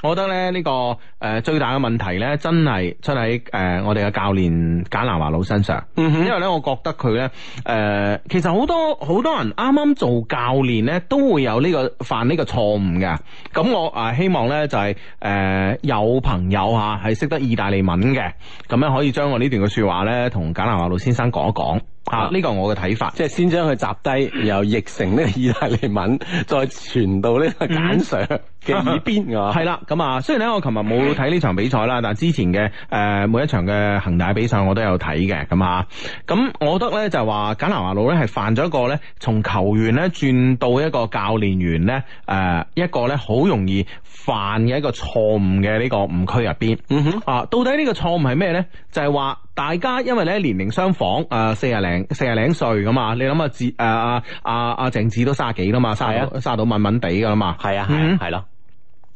[SPEAKER 1] 我覺得咧、這、呢個誒、呃、最大嘅問題咧，真係出喺誒、呃、我哋嘅教練簡南華老身上，嗯、哼因為呢，我覺得佢呢，誒、呃、其實好多好多人啱啱做教練呢，都會有呢、這個犯呢個錯誤嘅。咁我啊希望呢，就係、是、誒、呃、有朋友吓係識得意大利文嘅，咁樣可以將我呢段嘅說話呢，同簡南華老先生講一講。啊！呢、這個我嘅睇法，即係先將佢集低，然後譯成呢個意大利文， 再傳到呢個簡 Sir 嘅耳邊。係啦， 咁啊，雖然咧我琴日冇睇呢場比賽啦，但係之前嘅誒、呃、每一場嘅恒大比賽我都有睇嘅，咁啊，咁我覺得咧就係、是、話簡南華路咧係犯咗一個咧，從球員咧轉到一個教練員咧誒、呃、一個咧好容易犯嘅一個錯誤嘅呢個誤區入邊。嗯哼，啊，到底呢個錯誤係咩咧？就係話。大家因為咧年齡相仿，誒四廿零四廿零歲咁嘛，你諗下子誒阿阿阿鄭智都卅幾啦嘛，卅卅到敏敏地噶啦嘛，係啊係啊係咯，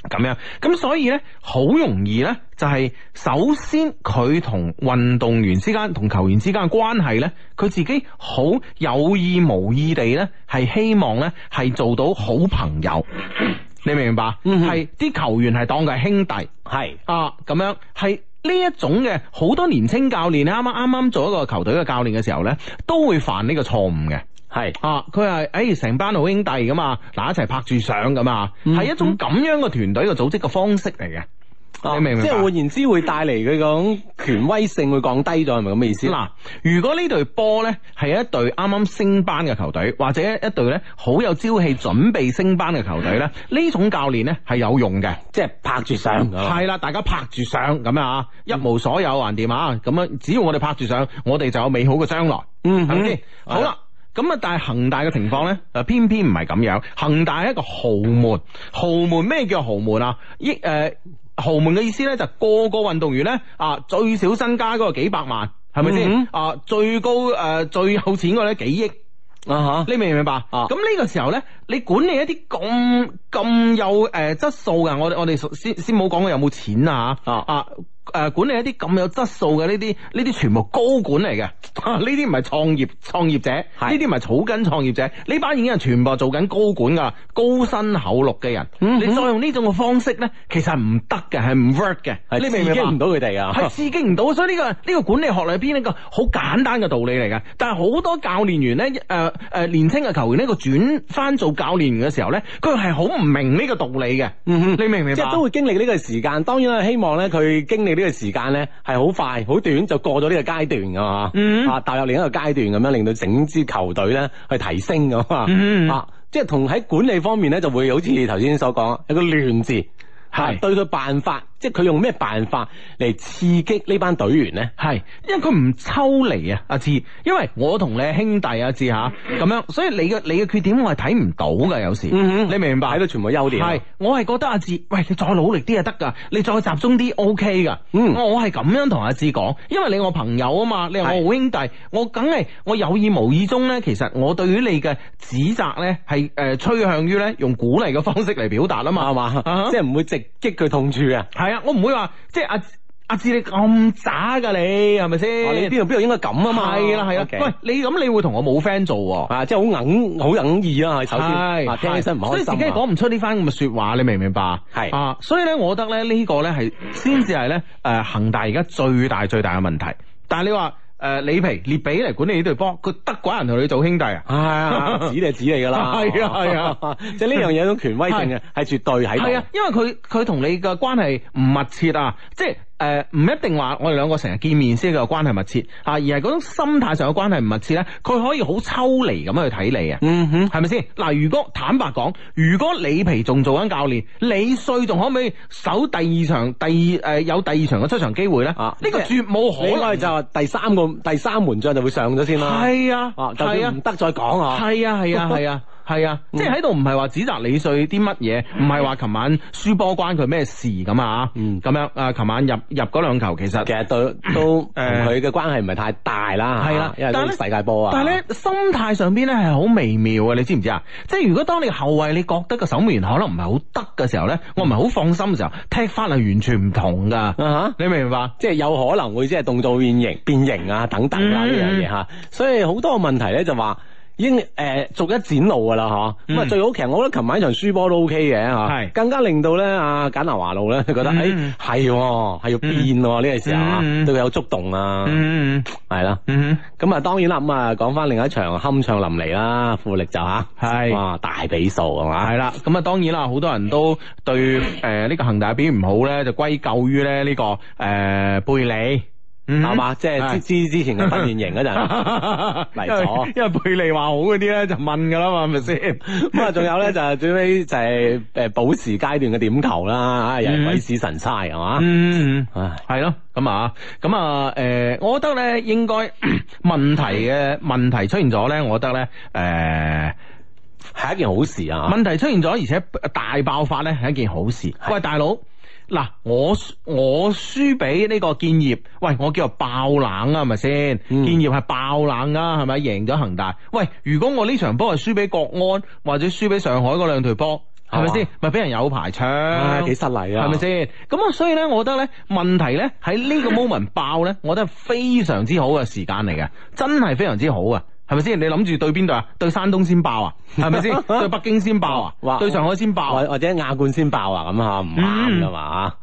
[SPEAKER 1] 咁樣，咁所以咧好容易咧就係首先佢同運動員之間同球員之間嘅關係咧，佢自己好有意無意地咧係希望咧係做到好朋友，你明唔明白？係啲球員係當佢係兄弟，係啊咁樣係。呢一種嘅好多年青教練啱啱啱啱做一個球隊嘅教練嘅時候呢，都會犯呢個錯誤嘅。係是啊，佢係誒成班老兄弟㗎嘛，嗱一齊拍住相咁嘛，係、嗯、一種咁樣嘅團隊嘅組織嘅方式嚟嘅。哦、啊，即係換言之，會帶嚟佢嗰種權威性會降低咗，係咪咁嘅意思？嗱，如果呢隊波呢係一隊啱啱升班嘅球隊，或者一隊呢好有朝氣、準備升班嘅球隊呢，呢、嗯、種教練呢係有用嘅，即係拍住上。係啦、嗯，大家拍住上咁啊，一無所有還掂啊，咁樣只要我哋拍住上，我哋就有美好嘅將來。嗯哼，係咪先？好啦，咁啊，但係恆大嘅情況呢，就偏偏唔係咁樣。恆大係一個豪門，豪門，咩叫豪門啊？億誒。呃豪門嘅意思呢，就個個運動員呢，啊，最少身家嗰個幾百萬，係咪先啊？Mm hmm. 最高誒，最有錢嗰個呢，幾億啊！吓、huh.，你明唔明白？咁呢、uh huh. 個時候呢，你管理一啲咁咁有誒質、呃、素嘅，我我哋先先冇講佢有冇錢啊吓、uh huh. 啊！誒、呃，管理一啲咁有質素嘅呢啲，呢啲全部高管嚟嘅，呢啲唔係創業創業者，呢啲唔係草根創業者，呢 班已經係全部做緊高管㗎，高薪厚祿嘅人。嗯、哼你再用呢種嘅方式咧，其實唔得嘅，係唔 work 嘅，係刺激唔到佢哋啊，係刺激唔到。所以呢、呢個呢、呢個管理學裏邊呢個好簡單嘅道理嚟嘅，但係好多教練員咧，誒、呃、誒、呃、年輕嘅球員呢個轉翻做教練員嘅時候咧，佢係好唔明呢個道理嘅。嗯、哼你明唔明？即係都會經歷呢個時間，當然啦，希望咧佢經歷啲、這個。嘅時間咧係好快、好短就過咗呢個階段噶嘛，mm hmm. 啊踏入另一個階段咁樣，令到整支球隊咧去提升咁啊，mm hmm. 啊，即係同喺管理方面咧就，就會好似頭先所講一個亂字，係對佢辦法。即係佢用咩辦法嚟刺激呢班隊員呢？係，因為佢唔抽離啊，阿志。因為我同你兄弟阿志啊，志吓咁樣，所以你嘅你嘅缺點我係睇唔到噶，有時。嗯、你明唔明白？喺度全部優點。係，我係覺得阿志，喂，你再努力啲啊得噶，你再集中啲，O K 噶。Okay 嗯、我係咁樣同阿志講，因為你我朋友啊嘛，你係我好兄弟，是我梗係我有意無意中呢。其實我對於你嘅指責呢，係誒趨向於呢，用鼓勵嘅方式嚟表達啊嘛，係嘛、啊？吧即係唔會直擊佢痛處啊。我唔會話，即係阿阿志你咁渣噶你，係咪先？你邊度邊度應該咁啊嘛？係啦係啊，喂，你咁你會同我冇 friend 做啊？即係好硬好硬意啊。啊的首先係的聽起身唔開心，啊、所以自己講唔出呢番咁嘅說話，你明唔明白？係的啊，所以咧，我覺得咧呢個咧係先至係咧誒恒大而家最大最大嘅問題。但係你話。誒、呃，李皮列比嚟管理呢隊波，佢得寡人同你做兄弟啊！係啊、哎呀，指你指你噶啦，係啊係啊，即係呢樣嘢有種權威性啊，係 絕對喺度。係啊、哎，因為佢佢同你嘅關係唔密切啊，即係。誒，唔一定話我哋兩個成日見面先叫關係密切吓，而係嗰種心態上嘅關係唔密切咧，佢可以好抽離咁去睇你啊。嗯哼，係咪先？嗱，如果坦白講，如果李皮仲做緊教練，李帥仲可唔可以守第二場、第誒有第二場嘅出場機會咧？啊，呢個絕冇可能就係第三個第三門將就會上咗先啦。係啊，就算唔得再講啊。係啊係啊係啊。係啊，即係喺度唔係話指責你碎啲乜嘢，唔係話琴晚輸波關佢咩事咁啊？吓，咁樣啊，琴晚入入嗰兩球其實其實都都同佢嘅關係唔係太大啦，係啦，因為都世界波啊。但係咧，心態上邊咧係好微妙啊，你知唔知啊？即係如果當你後衛，你覺得個守門員可能唔係好得嘅時候咧，我唔係好放心嘅時候，踢法係完全唔同噶，你明唔明白？即係有可能會即係動作變形，變形啊等等啦，呢樣嘢吓，所以好多問題咧就話。已經誒，逐一展露噶啦嗬。咁啊，最好其實我覺得琴晚一場輸波都 OK 嘅吓，係更加令到咧阿簡南華路咧覺得誒係，係要變呢個時候啊，對佢有觸動啊，係啦。咁啊，當然啦，咁啊，講翻另一場酣暢淋漓啦，富力就吓，係哇大比數係嘛，係啦。咁啊，當然啦，好多人都對誒呢個恒大表現唔好咧，就歸咎於咧呢個誒貝里。.係嘛，即係之之前嘅訓練營嗰陣嚟咗，因為貝利話好嗰啲咧就問噶啦嘛，係咪先？咁啊，仲 有咧就最、是、尾就係誒補時階段嘅點球啦，吓又鬼使神差係嘛、 哎， 嗯，係咯，咁啊，咁 啊，誒，我覺得咧應該問題嘅問題出現咗咧，我覺得咧誒係一件好事啊。問題出現咗，而且大爆發咧係一件好事、 嗯。喂，大佬。嗱，我我輸俾呢個建業，喂，我叫做爆冷啊，係咪先？嗯、建業係爆冷啊，係咪贏咗恒大？喂，如果我呢場波係輸俾國安或者輸俾上海嗰兩隊波，係咪先？咪俾、啊、人有排唱，係幾失禮啊？係咪先？咁啊，所以呢，我覺得呢問題呢，喺呢個 moment 爆呢，我覺得係非常之好嘅時間嚟嘅，真係非常之好啊！係咪先？你諗住對邊度？啊？對山東先爆啊？係咪先？對北京先爆啊？ 哇！對上海先爆，或或者亞冠先爆啊？咁吓唔啱噶嘛？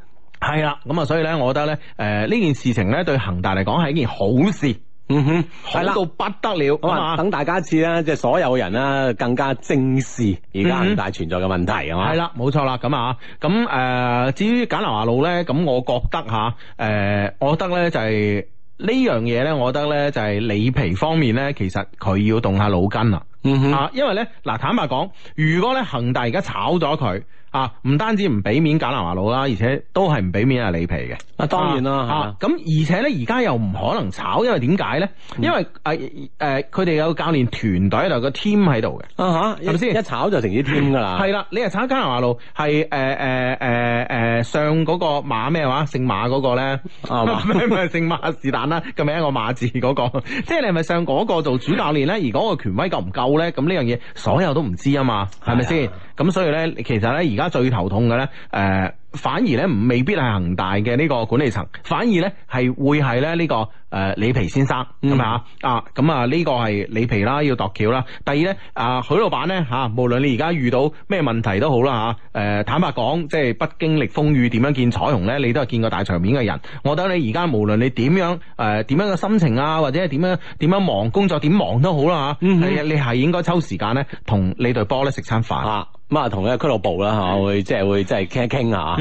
[SPEAKER 1] 係啦，咁啊、嗯嗯，所以咧，我覺得咧，誒、呃，呢件事情咧，對恒大嚟講係一件好事。嗯哼、嗯，好到不得了，咁啊，等大家知啦，即係所有人啦，更加正視而家恒大存在嘅問題，係嘛、嗯？係啦，冇錯啦，咁啊，咁誒、嗯呃，至於簡拿華路咧，咁我覺得吓，誒，我覺得咧、呃、就係、是。呢樣嘢咧，我覺得咧就係里皮方面咧，其實佢要動下腦筋啦，嗯哼，嚇，因為咧嗱，坦白講，如果咧恒大而家炒咗佢。啊，唔單止唔俾面揀南華路啦，而且都係唔俾面阿李皮嘅。啊，當然啦吓。咁而且咧，而家又唔可能炒，因為點解咧？因為誒誒，佢哋有教練團隊度個 team 喺度嘅。啊吓，係咪先？一炒就成啲 team 噶啦。係啦，你係炒加南華路，係誒誒誒誒上嗰個馬咩話？姓馬嗰個咧？啊，係咪姓馬是但啦，咁樣一個馬字嗰個，即係你係咪上嗰個做主教練咧？而嗰個權威夠唔夠咧？咁呢樣嘢所有都唔知啊嘛，係咪先？咁所以咧，其實咧，而家最頭痛嘅咧，誒、呃、反而咧唔，未必係恆大嘅呢個管理層，反而咧係會係咧呢個。誒，李皮先生係啊？啊，咁啊呢個係李皮啦，要度橋啦。第二咧，啊許老闆咧吓，無論你而家遇到咩問題都好啦吓，誒坦白講，即係不經歷風雨，點樣見彩虹咧？你都係見過大場面嘅人。我得你而家無論你點樣誒點樣嘅心情啊，或者係點樣點樣忙工作點忙都好啦吓，你你係應該抽時間咧同你隊波咧食餐飯吓，咁啊同一個俱樂部啦吓，會即係會即係傾一傾啊，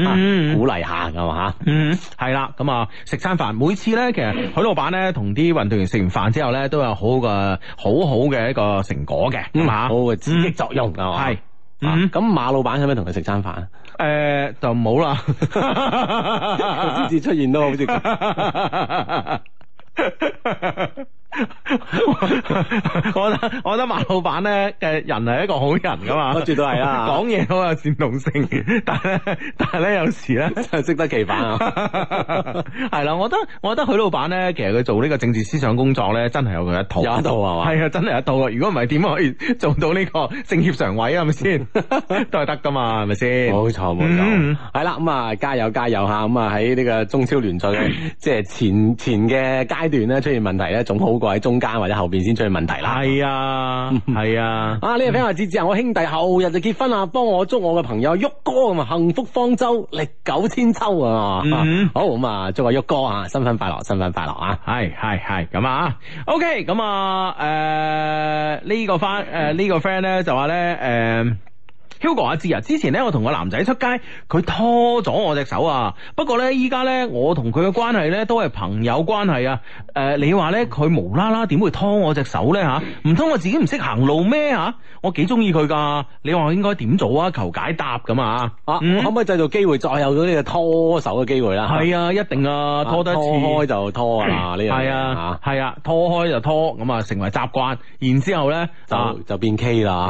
[SPEAKER 1] 鼓勵下噶嘛吓，嗯係啦，咁啊食餐飯，每次咧其實許老闆。話咧同啲運動員食完飯之後咧都有好嘅好好嘅一個成果嘅，咁吧好嘅刺激作用係，咁馬老闆、呃、係咪同佢食餐飯啊？誒，就冇啦，先至出現都好似。 我覺得我覺得馬老闆咧嘅人係一個好人噶嘛，我絕對係啦。講嘢好有煽動性，但係咧但係咧有時咧就識得騎反啊。係 啦， 我覺得我覺得許老闆咧，其實佢做呢個政治思想工作咧，真係有佢一套，有一套係嘛，係啊，真係一套。啊。如果唔係點可以做到呢個政協常委啊？係咪先 都係得噶嘛？係咪先？冇錯冇錯。係啦，嗯，咁啊加油加油吓，咁啊喺呢個中超聯賽嘅即係前 前嘅階段咧出現問題咧，總好過。喺中間或者後邊先出問題啦。係啊，係啊。 啊，呢位 friend 話，志志啊，我兄弟後日就結婚啊，幫我祝我嘅朋友旭哥咁啊，幸福方舟，歷久千秋啊。 嗯、好咁啊，祝我旭哥啊，新婚快樂，新婚快樂啊。係係係，咁啊。OK，咁啊，誒、呃，呢個呃呢個、呢個 friend 誒，呢個 friend 咧就話咧，誒。Hugo 阿志啊，之前咧我同個男仔出街，佢拖咗我隻手啊。不過咧依家咧我同佢嘅關係咧都係朋友關係啊。誒，你話咧佢無啦啦點會拖我隻手咧吓？唔通我自己唔識行路咩吓？我幾中意佢噶。你話我應該點做啊？求解答咁啊？啊，可唔可以製造機會再有咗呢個拖手嘅機會啦？係啊，一定啊，拖得一次開就拖啊，呢樣嘢吓，係啊，拖開就拖，咁啊成為習慣，然之後咧就就變 K 啦。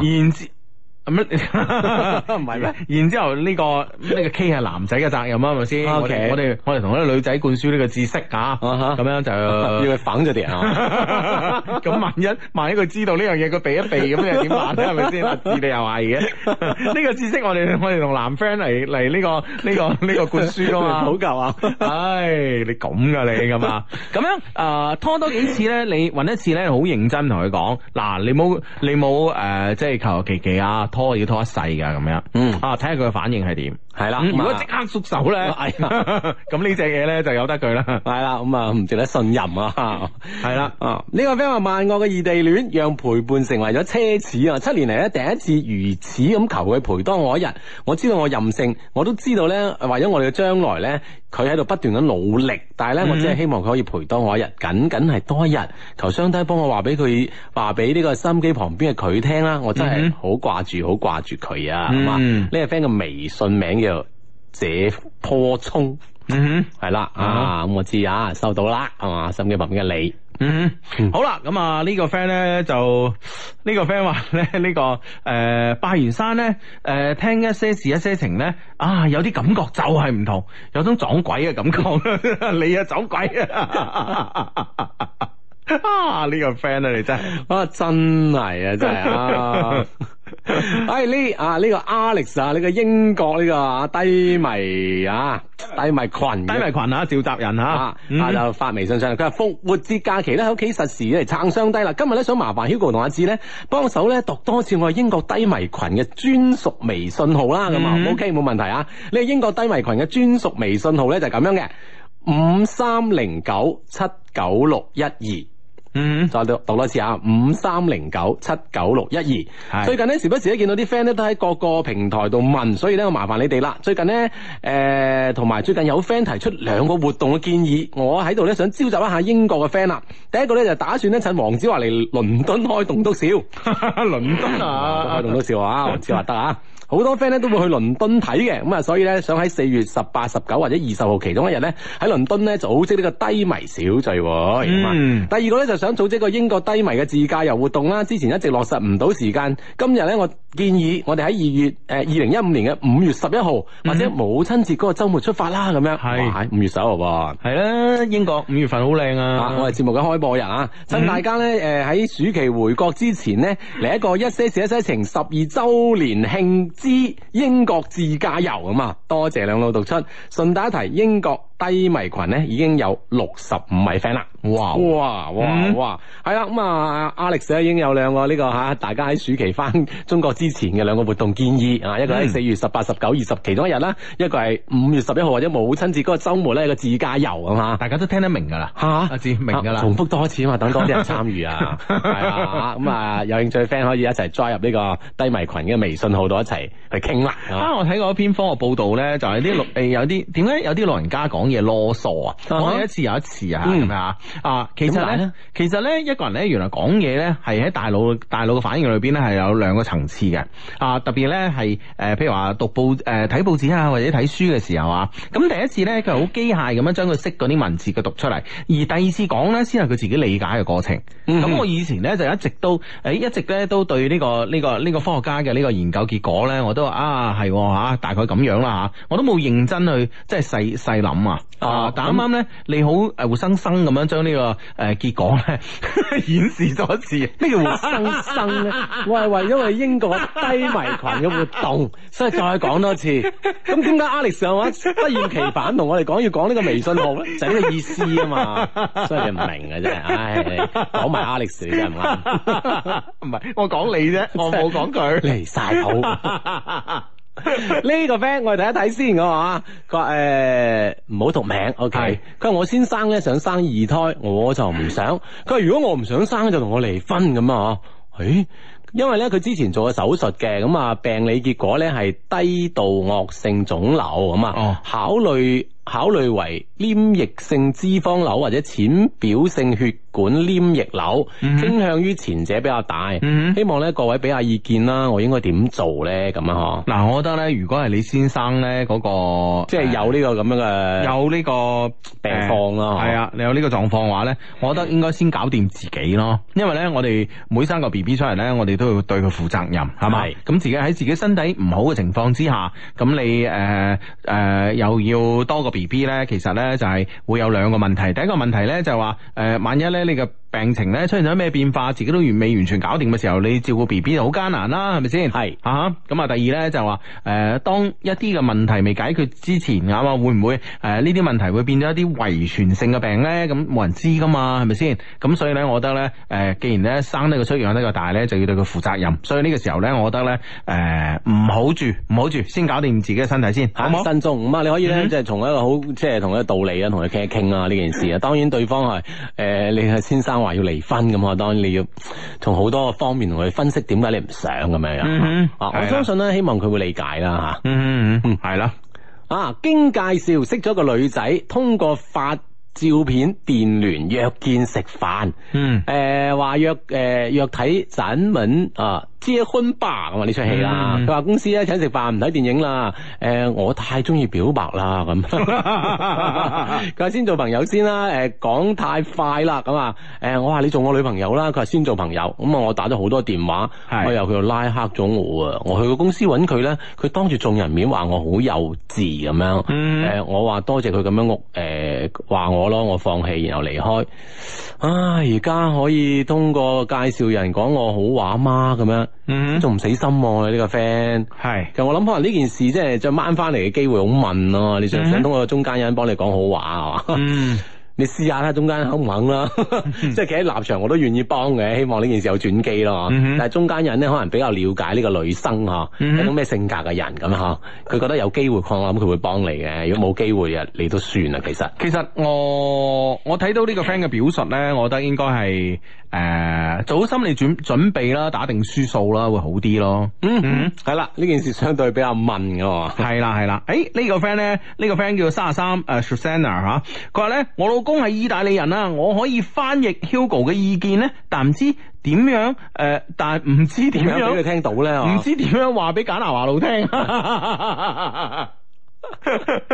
[SPEAKER 1] 咁咧唔係然之後呢、這個呢、這個 K 係男仔嘅責任啊，係咪先？OK 我哋我哋同啲女仔灌輸呢個知識啊，咁樣就要佢反咗啲啊。咁萬一萬一佢知道呢樣嘢，佢避一避咁 又點辦咧？係咪先？你哋又係嘅。呢個知識我哋我哋同男 friend 嚟嚟呢個呢、這個呢、這個灌輸啊嘛。好舊啊！唉、 啊 哎，你咁噶你咁啊？咁樣啊，拖、呃、多,多幾次咧，你搵一次咧，好認真同佢講嗱，你冇你冇誒，即係求求其其啊。呃拖要拖一世噶咁樣，嗯、啊睇下佢嘅反應係點，係啦的、嗯，如果即刻縮手咧，咁、哎、呀 呢隻嘢咧就由得佢啦，係啦、 嗯，咁啊唔值得信任啊，係啦，呢個 friend 話萬惡嘅異地戀讓陪伴成為咗奢侈啊，七年嚟，咧第一次如此咁求佢陪多我一日，我知道我任性，我都知道咧為咗我哋嘅將來咧。佢喺度不斷咁努力，但係咧，我只係希望佢可以陪多我一日，僅僅係多一日，求上帝幫我話俾佢話俾呢個收音機旁邊嘅佢聽啦，嗯、我真係好掛住，好掛住佢啊，係嘛、嗯？呢、嗯、嗎個 friend 嘅微信名叫這坡聰，聰嗯哼，係啦，啊，咁我知啊，收到啦，係嘛？收音機旁邊嘅你。嗯，好啦，咁啊呢、這個 friend 咧就呢、這個 friend 話咧呢個誒拜完山咧誒、呃、聽一些事一些情咧啊有啲感覺就係唔同，有種撞鬼嘅感覺， 你啊撞鬼啊， 啊、這個、fan 呢個 friend 啊你真啊 真係啊真係啊！ 哎，呢啊呢個 Alex 啊，呢、這個英國呢個低迷啊低迷群低迷群啊召集人啊，啊、嗯、啊，就發微信上，佢話復活節假期咧喺屋企實時嚟撐雙低啦。今日咧想麻煩 Hugo 同阿志咧幫手咧讀多次我英國低迷群嘅專屬微信號啦。咁啊、嗯、，OK 冇問題啊。呢個英國低迷群嘅專屬微信號咧就咁、是、樣嘅五三零九七九六一二。嗯，mm hmm. 再讀讀多次啊，五三零九七九六一二。的最近呢，時不時咧見到啲 friend 咧都喺各個平台度問，所以咧我麻煩你哋啦。最近呢，誒、呃，同埋最近有 friend 提出兩個活動嘅建議，我喺度呢，想召集一下英國嘅 friend 啦。第一個呢，就打算呢，趁黃子華嚟倫敦開棟篤笑，倫 敦啊， 開棟篤笑啊，黃子華得啊。好多 friend 咧都會去倫敦睇嘅，咁啊，所以咧想喺四月十八、十九或者二十號其中一日咧喺倫敦咧組織呢個低迷小聚會。嗯，第二個咧就想組織個英國低迷嘅自駕遊活動啦。之前一直落實唔到時間，今日咧我建議我哋喺二月誒二零一五年嘅五月十一號或者母親節嗰個週末出發啦，咁樣。係、嗯，五月十一號喎。係啦，英國五月份好靚啊，啊！我哋節目嘅開播日啊，趁大家咧誒喺暑期回國之前呢，嚟一個一些事一些情十二週年慶。之英國自駕遊啊嘛，多謝兩老讀出，順帶一提英國。低迷群咧已經有六十五位 friend 啦，哇哇哇哇，係啦咁啊，阿力死啊，嗯嗯 Alex，已經有兩個呢，這個嚇，大家喺暑期翻中國之前嘅兩個活動建議啊，嗯，一個喺四月十八、十九、二十其中一日啦，一個係五月十一號或者母親節嗰個週末咧個自駕遊嚇，大家都聽得，啊啊，明㗎啦嚇，阿明㗎啦，重複多一次啊嘛， 等多啲人參與啊，係啊咁啊有興趣 friend 可以一齊 join 入呢個低迷群嘅微信號度一齊去傾啦。啊，我睇過一篇科學報道咧，就係啲老誒有啲點解有啲老人家講。囉嗦啊，講一次又一次啊，啊、嗯？其實呢，呢其實咧，一個人呢，原來講嘢呢，係喺大腦，大腦嘅反應裏邊呢，係有兩個層次嘅。啊，特別呢，係誒，譬如話讀報誒，睇報紙啊，或者睇書嘅時候啊，咁第一次呢，佢係好機械咁樣將佢識嗰啲文字嘅讀出嚟，而第二次講呢，先係佢自己理解嘅過程。咁、嗯、哼我以前呢，就一直都誒、哎，一直咧都對呢、這個呢、這個呢、這個科學家嘅呢個研究結果呢，我都話啊係吓、哦，大概咁樣啦吓，我都冇認真去即係細細諗啊。啊！但啱啱咧，你好誒，活生生咁樣將呢個誒結果咧顯、嗯、 示咗一次， 咩叫活生生咧？喂係為因為英國低迷群嘅活動，所以再講多次。咁點解 Alex 嘅話不厭其煩？同我哋講要講呢個微信號咧？就呢、是、個意思啊嘛，所以你唔明啊真係。唉，講埋 Alex 你真係唔啱。唔 係， 我講你啫，我冇講佢。離晒譜。 呢 個 friend 我哋睇一睇先，我話佢話誒唔好讀名，OK，嗯。佢話我先生咧，想生二胎，我就唔想。佢話如果我唔想生，就同我離婚咁啊吓。誒，哎，因為咧佢之前做過手術嘅，咁啊病理結果咧係低度惡性腫瘤咁啊，哦，考慮。考慮為黏液性脂肪瘤或者淺表性血管黏液瘤，嗯、哼傾向於前者比較大。嗯、哼希望咧各位俾下意見啦，我應該點做咧咁樣嗬！嗱、啊，我覺得咧，如果係你先生咧、嗰個，即係有呢個咁樣嘅、呃，有呢、呢個、呃、病況況咯，係啊、呃，你有呢個狀況嘅話咧，我覺得應該先搞掂自己咯。因為咧，我哋每生個 B B 出嚟咧，我哋都要對佢負責任，係咪咁自己喺自己身體唔好嘅情況之下，咁你誒誒、呃呃呃呃，又要多個。B B 咧，其實咧就係會有兩個問題，第一個問題咧就係話誒萬一咧你個。病情咧出現咗咩變化，自己都完未完全搞掂嘅時候，你照顧 B B 就好艱難啦，係咪先？係啊是，咁啊，第二咧就話、是，誒、呃，當一啲嘅問題未解決之前啊嘛，會唔會誒呢啲問題會變咗一啲遺傳性嘅病咧？咁冇人知噶嘛，係咪先？咁、啊、所以咧，我覺得咧，誒、呃，既然咧生得個出養得個大咧，就要對佢負責任。所以呢個時候咧，我覺得咧，誒、呃，唔好住，唔好住，先搞掂自己嘅身體先。好冇？慎重，唔啊，你可以咧，即係從一個好，即係同一個道理啊，同佢傾一傾啊，呢件事啊。 當然對方係，誒、呃，你係先生。話要離婚咁啊，當然你要從好多個方面同佢分析，點解你唔想咁樣樣啊？嗯。我相信咧，希望佢會理解啦吓，係啦、嗯。啊，經介紹識咗個女仔，通過發照片電聯約見食飯，嗯，誒話、呃、約誒、呃、約睇散文啊。結婚吧，咁啊呢出戲啦。佢話、嗯、公司咧請食飯，唔睇電影啦。誒、呃，我太中意表白啦，咁。佢話 先做朋友先啦。誒、呃，講太快啦，咁啊。誒、呃，我話你做我女朋友啦。佢話先做朋友。咁、嗯、啊，我打咗好多電話，我又佢度拉黑咗我啊。我去個公司揾佢咧，佢當住眾人面話我好幼稚咁樣。誒、嗯呃，我話多謝佢咁樣屋，誒、呃，話我咯，我放棄然後離開。唉、啊，而家可以通過介紹人講我好話嗎？咁樣？嗯，仲唔、mm hmm. 死心喎，啊？你、這、呢個 friend 係，是其實我諗可能呢件事即係再掹翻嚟嘅機會好問咯、啊。Mm hmm. 你想想通過中間人幫你講好話係、啊、嘛？Mm hmm. 你試下啦，中間肯唔肯啦？即係企喺立場，我都願意幫嘅。希望呢件事有轉機咯。Mm hmm. 但係中間人咧，可能比較了解呢個女生嗬，一種咩性格嘅人咁嗬，佢覺得有機會，佢我諗佢會幫你嘅。如果冇機會啊，你都算啦。其實，其實我我睇到呢個 friend 嘅表述咧，我覺得應該係。誒，uh, 做好心理準準備啦，打定輸數啦，會好啲咯。嗯嗯、mm，係、hmm. 啦，呢件事相對比較問嘅。係啦係啦，誒，呢個 friend 咧，呢個 friend 叫三十三，誒，Susana 吓，佢話咧，我老公係意大利人啦，我可以翻譯 Hugo 嘅意見咧，但唔知點樣誒、呃，但係唔知點樣俾佢聽到咧，唔知點樣話俾簡南華佬聽。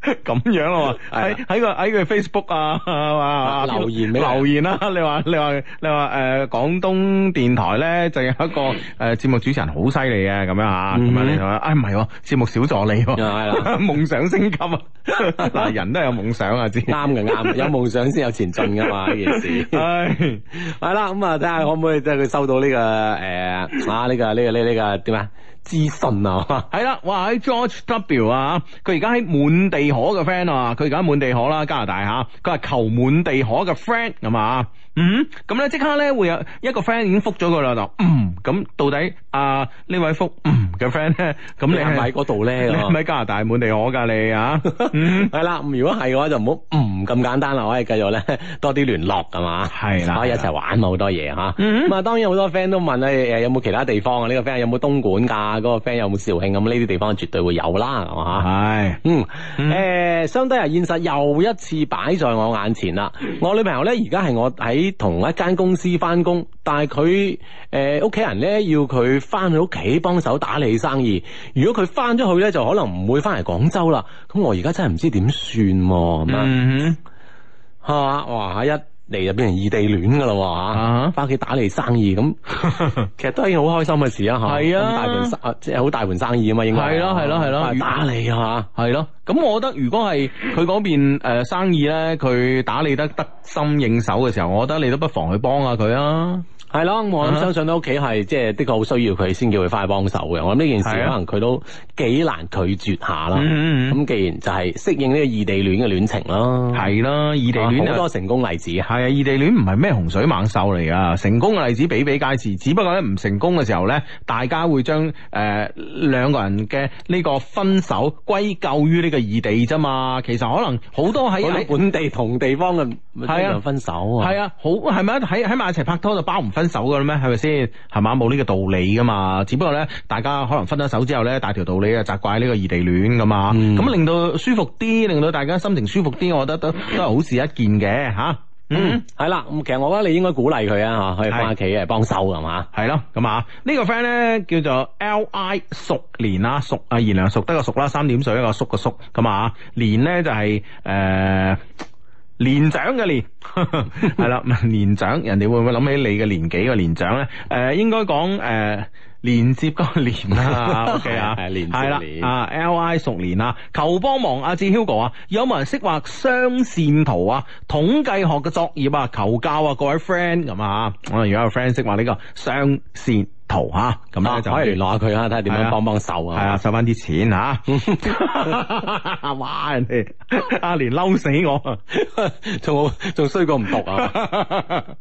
[SPEAKER 1] 咁樣咯喎，喺喺個喺個 Facebook 啊，嘛、啊、Okay. 留言留言啦！你話你話你話誒，廣東電台咧就有一個誒節目主持人好犀利嘅咁樣吓，咁啊，唔係喎，節目小助理喎，係啦，夢想升級啊！嗱、so,，人都係有夢想啊，先啱嘅啱，有夢想先有前進噶嘛，呢件事。係，係啦，咁啊，睇下可唔可以即係佢收到呢個誒，啊呢個呢個呢呢個點啊？資信啊，係啦，哇喺 George W 啊，佢而家喺滿地可嘅 friend 啊，佢而家滿地可啦，加拿大吓，佢、啊、係求滿地可嘅 friend 咁啊。嗯，咁咧即刻咧會有一個 friend 已經覆咗佢啦，話嗯，咁到底啊呢位覆嗯嘅 friend 咧，咁你係咪嗰度咧？你喺加拿大滿地可噶你啊，係啦。如果係嘅話，就唔好嗯咁簡單啦，可以繼續咧多啲聯絡，係嘛？係啦，可以一齊玩好多嘢嚇。咁啊，當然有好多 friend 都問咧，誒有冇其他地方啊？呢個 friend 有冇東莞噶？嗰個 friend 有冇肇慶咁？呢啲地方絕對會有啦，係嘛？係，嗯誒，相對啊現實又一次擺在我眼前啦。我女朋友咧而家係我喺。同一間公司翻工，但係佢誒，屋企人呢要佢翻去屋企幫手打理生意。如果佢翻咗去呢，就可能唔會翻嚟廣州啦。咁我而家真係唔知點算喎。咁啊，吓、mm hmm. 啊、哇，下一。嚟就變成異地戀噶咯喎嚇。返屋企、啊、打理生意咁，其實都係件好開心嘅事啊嚇。係啊，大盤生、啊、即係好大盤生意啊嘛，應該係咯，係咯，係咯，啊啊啊、打理啊嘛，係咯。咁、啊啊、我覺得如果係佢嗰邊、呃、生意咧，佢打理得得心應手嘅時候，我覺得你都不妨去幫下佢啊。係咯，我相信咧，屋企係即係的確好需要佢，先叫佢翻去幫手嘅。我諗呢件事可能佢都幾難拒絕下啦。咁的既然就係適應呢個異地戀嘅戀情咯，係啦，異地戀好多成功例子，係啊，異地戀唔係咩洪水猛獸嚟㗎，成功嘅例子比比皆是。只不過咧，唔成功嘅時候咧，大家會將誒兩個人嘅呢個分手歸咎於呢個異地啫嘛。其實可能好多喺本地同地方嘅突然分手啊，係啊，好係咪喺喺埋一齊拍拖就包唔分。分手噶啦咩？係咪先？係嘛？冇呢個道理噶嘛？只不過咧，大家可能分咗手之後咧，大條道理啊，責怪呢個異地戀噶嘛？咁、嗯、令到舒服啲，令到大家心情舒服啲，我覺得都都係好事一件嘅吓、啊。嗯，係啦、嗯。咁其實我覺得你應該鼓勵佢的啊，吓可以翻屋企嚟幫手噶係嘛？係咯。咁啊，呢個 friend 咧叫做 L I 熟年啦，熟啊，賢良熟得個熟啦，三點水一個叔個叔咁啊。年咧就係、是、誒。呃年長嘅年，係 啦了， 年長人哋會唔會諗起你嘅年紀、呃呃、個年長咧？誒，應該講誒連接個連啊，OK 啊，係啦， 啊 L I 熟年啊，求幫忙阿志 Hugo 啊，有冇人識畫雙線圖啊？統計學嘅作業啊，求教啊，各位 friend 咁啊，我哋如果有 friend 識畫呢個雙線。圖吓，咁咧就可以聯絡下佢吓，睇下點樣幫幫手，係啊，收翻啲錢吓、啊，話 人哋阿蓮嬲死我，仲好仲衰過唔讀啊！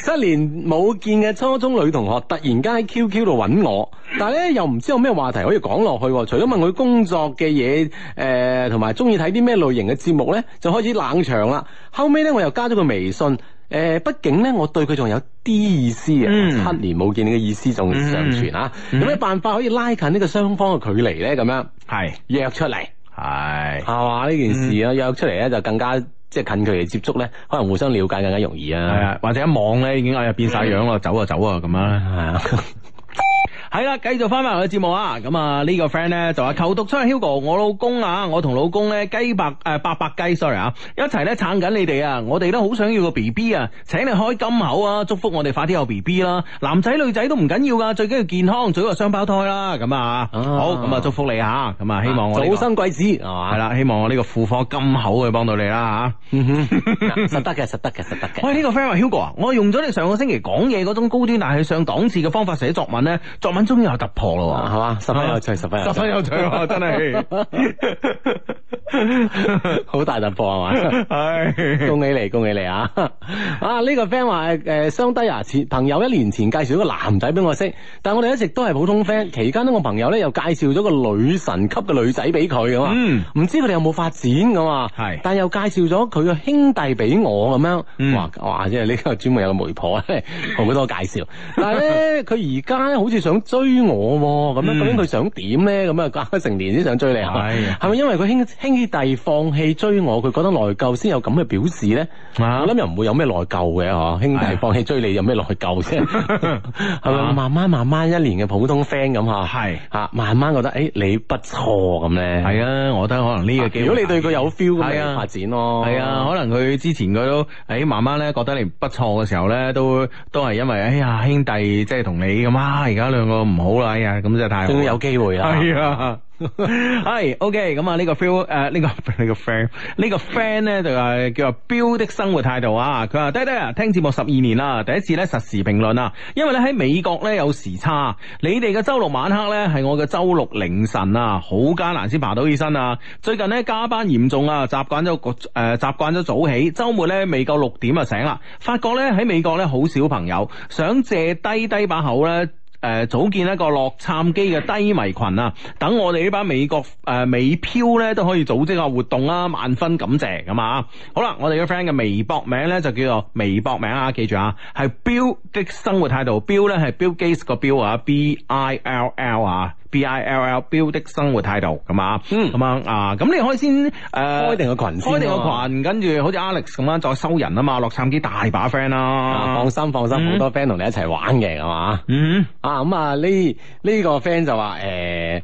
[SPEAKER 1] 七 年冇見嘅初中女同學突然間喺 QQ 度揾我，但係咧又唔知有咩話題可以講落去，除咗問佢工作嘅嘢，誒、呃，同埋中意睇啲咩類型嘅節目咧，就開始冷場啦。後尾咧我又加咗個微信。誒，畢竟咧，我對佢仲有啲意思嘅，嗯、七年冇見，你嘅意思仲尚存啊！嗯、有咩辦法可以拉近呢個雙方嘅距離咧？咁樣係約出嚟，係係嘛？呢吧、嗯、件事啊，約出嚟咧就更加即係近距離接觸咧，可能互相了解更加容易啊！或者一望咧已經哎呀變曬樣咯，嗯、走啊走啊咁樣啊～ 係啦，繼續返返我嘅節目啊！咁、這、啊、個，呢個 friend 咧就話求讀出 Hugo，我老公啊，我同老公咧雞白誒八百雞，sorry 啊，一齊咧撐緊你哋啊！我哋都好想要個 B B 啊，請你開金口啊，祝福我哋快啲有 B B 啦！男仔女仔都唔緊要噶，最緊要健康，最好係雙胞胎啦，咁啊、哦、好咁啊祝福你吓、啊，咁、嗯、啊希望我、這個啊、早生貴子係嘛，係啦、啊，希望我呢個富科金口去幫到你啦吓、啊， 實得嘅，實得嘅，實得嘅。喂， 呢個 friend 話 Hugo 啊，我用咗你上個星期講嘢嗰種高端但係上檔次嘅方法寫作文咧、啊，作文。終於有突破咯，係嘛、啊？十分有趣，十分有趣，啊、有真係，好大突破啊嘛！係， 恭喜你，恭喜你啊！ 啊，呢、這個 friend 話誒，相、呃、低牙、啊、朋友一年前介紹咗個男仔俾我識，但我哋一直都係普通 friend。期間呢我朋友咧又介紹咗個女神級嘅女仔俾佢噶嘛，唔、嗯、知佢哋有冇發展咁嘛，係是，但又介紹咗佢嘅兄弟俾我咁樣，哇哇！即係呢個專門有個媒婆，可唔多介紹？但係咧，佢而家咧好似想。追我咁樣，究竟佢想點咧？咁啊，隔咗成年先想追你，係咪的因為佢兄兄弟放棄追我，佢覺得內疚先有咁嘅表示咧？啊、我諗又唔會有咩內疚嘅嗬，兄弟放棄追你有咩內疚啫？係咪慢慢慢慢一年嘅普通 friend 咁吓？係吓的慢慢覺得誒、哎，你不錯咁咧。係啊，我覺得可能呢個機會，如果你對佢有 feel 咁樣發展咯。係啊的，可能佢之前佢都誒，慢慢咧覺得你不錯嘅時候咧，都都係因為哎呀兄弟即係同你咁啊，而家兩個。唔好啦，哎呀，咁就太好，終於有機會啦，係 ，OK，咁啊、呃，呢、這個 feel 誒，呢個呢個 friend，呢個 friend 呢就話叫做彪的生活態度啊。佢話低低啊，聽節目十二年啦，第一次咧實時評論啊，因為咧喺美國咧有時差，你哋嘅周六晚黑呢係我嘅周六凌晨啊，好艱難先爬到起身啊。最近呢加班嚴重啊，習慣咗個誒習慣咗早起，周末呢未夠六點就醒啦。發覺呢喺美國呢好少朋友想借低低把口咧。誒、呃，組建一個洛杉磯嘅低迷群啊，等我哋呢班美國誒、呃、美漂呢都可以組織下活動啦、啊，萬分感謝咁啊！好啦，我哋個 friend 嘅微博名呢就叫做微博名啊，記住啊，係 Bill 嘅生活態度，Bill 呢係 Bill Gates 個 Bill 啊，B I L L 啊。B I L L Bill 的生活態度係嘛？嗯，咁樣啊，咁你可以先誒、呃、開定個群，啊、開定個群，跟住好似 Alex 咁樣再收人啊嘛，洛杉磯大把 friend 啦，放心放心，好、嗯、多 friend 同你一齊玩嘅係嘛？嗯，啊咁啊呢呢個 friend、這個、就話誒。呃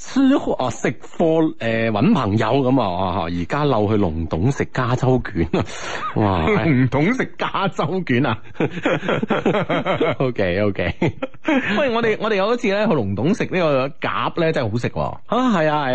[SPEAKER 1] 食哦食貨誒搵朋友咁啊，而家漏去龍洞食加州卷啊！哇，龍洞食加州卷啊！OK OK， 喂，我哋我哋有一次咧去龍洞食呢個夾咧真係好食喎！啊，係啊係啊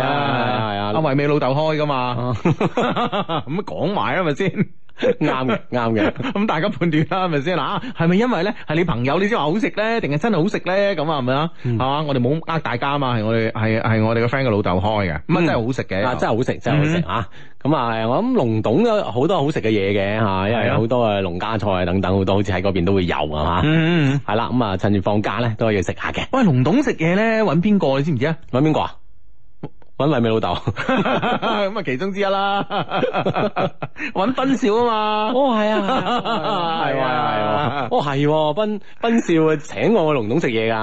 [SPEAKER 1] 係啊，阿偉美老豆開噶嘛，咁講埋啊咪先。啱嘅，啱嘅， 咁 大家判斷啦，係咪先？嗱，係咪因為咧，係你朋友你先話好食咧，定係真係好食咧？咁啊，係咪啊？係嘛，我哋冇呃大家嘛，係我哋係係我哋個 friend 嘅老豆開嘅，乜、嗯、真係好食嘅、嗯啊，真係好食，真係好食啊！咁、嗯、啊，我諗龍洞有好多好食嘅嘢嘅吓，因為好多啊農家菜等等好多，好似喺嗰邊都會有係嘛。係、啊、啦，咁、嗯、啊,、嗯嗯、啊趁住放假咧，都可以食下嘅。喂，龍洞食嘢咧，搵邊個你知唔知啊？搵邊個啊？揾埋你老豆、 嗯，咁啊其中之一啦。揾 斌少啊嘛， 哦係啊，係啊，係啊，啊 哦係，斌斌、啊、少請我去龍董食嘢噶，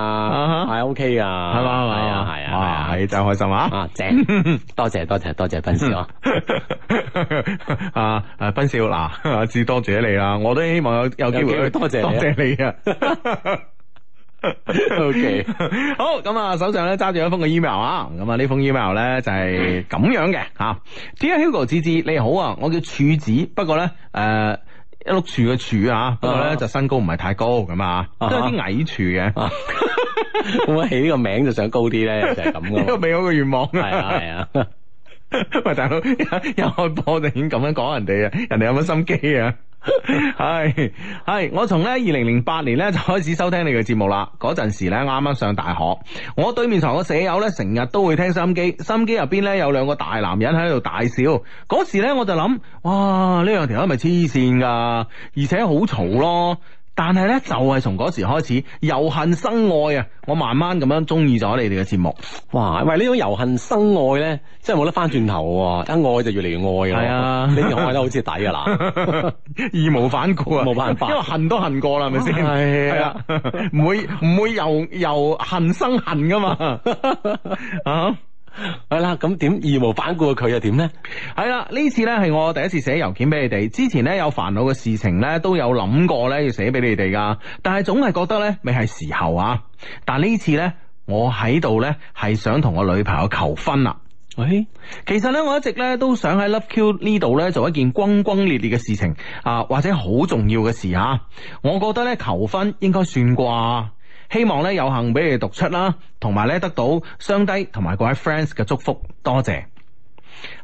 [SPEAKER 1] 係 O K 噶，係、huh. 嘛、嗯，係、okay、 啊，係啊，係、啊啊、哇真開心啊，啊正，多謝多謝多謝斌少， 啊啊斌少嗱，至多謝你啦，我都希望有機有機會去多謝多謝你啊。 o、okay. K，好，咁啊，手上咧揸住一封嘅 email 啊，咁啊呢封 email 咧就係咁樣嘅吓。Dear Hugo 之之，你好啊，我叫柱子，不過咧誒、呃、一碌柱嘅柱啊，不過咧就身高唔係太高咁啊，uh huh. 都係啲矮柱嘅。會唔會起呢個名就想高啲咧？就係咁噶。呢個美好嘅願望。係啊係啊。 喂，大佬，又開波就已經咁樣講人哋啊，人哋有乜心機啊？係 係，我從呢二零零八年呢就開始收聽你嘅節目啦。嗰陣時呢啱啱上大學，我對面床嘅舍友呢成日都會聽收音機，收音機入邊呢有兩個大男人喺度大笑。嗰時呢我就諗，哇，呢兩條係咪黐線噶？而且好嘈咯。但係咧，就係從嗰時開始，由恨生愛啊！我慢慢咁樣中意咗你哋嘅節目。哇，喂，呢種由恨生愛咧，真係冇得翻轉頭啊，一愛就越嚟越愛咯。係啊，啊你又愛得好似抵噶啦， 義無反顧啊，冇辦法，因為恨都恨過啦，係咪先？係啊，唔會唔會由由恨生恨噶嘛？ 啊！係啦，咁點義無反顧佢又點呢？係啦，呢次呢係我第一次寫郵件俾你哋。之前呢，有煩惱嘅事情呢都有諗過呢要寫俾你哋噶，但係總係覺得呢未係時候啊。但呢次呢，我喺度呢係想同我女朋友求婚啦。喂，其實呢，我一直呢都想喺 Love Q 呢度呢做一件轟轟烈烈嘅事情啊，或者好重要嘅事啊。我覺得呢，求婚應該算啩。希望咧有幸俾你哋讀出啦，同埋咧得到雙低同埋各位 friends 嘅祝福，多謝。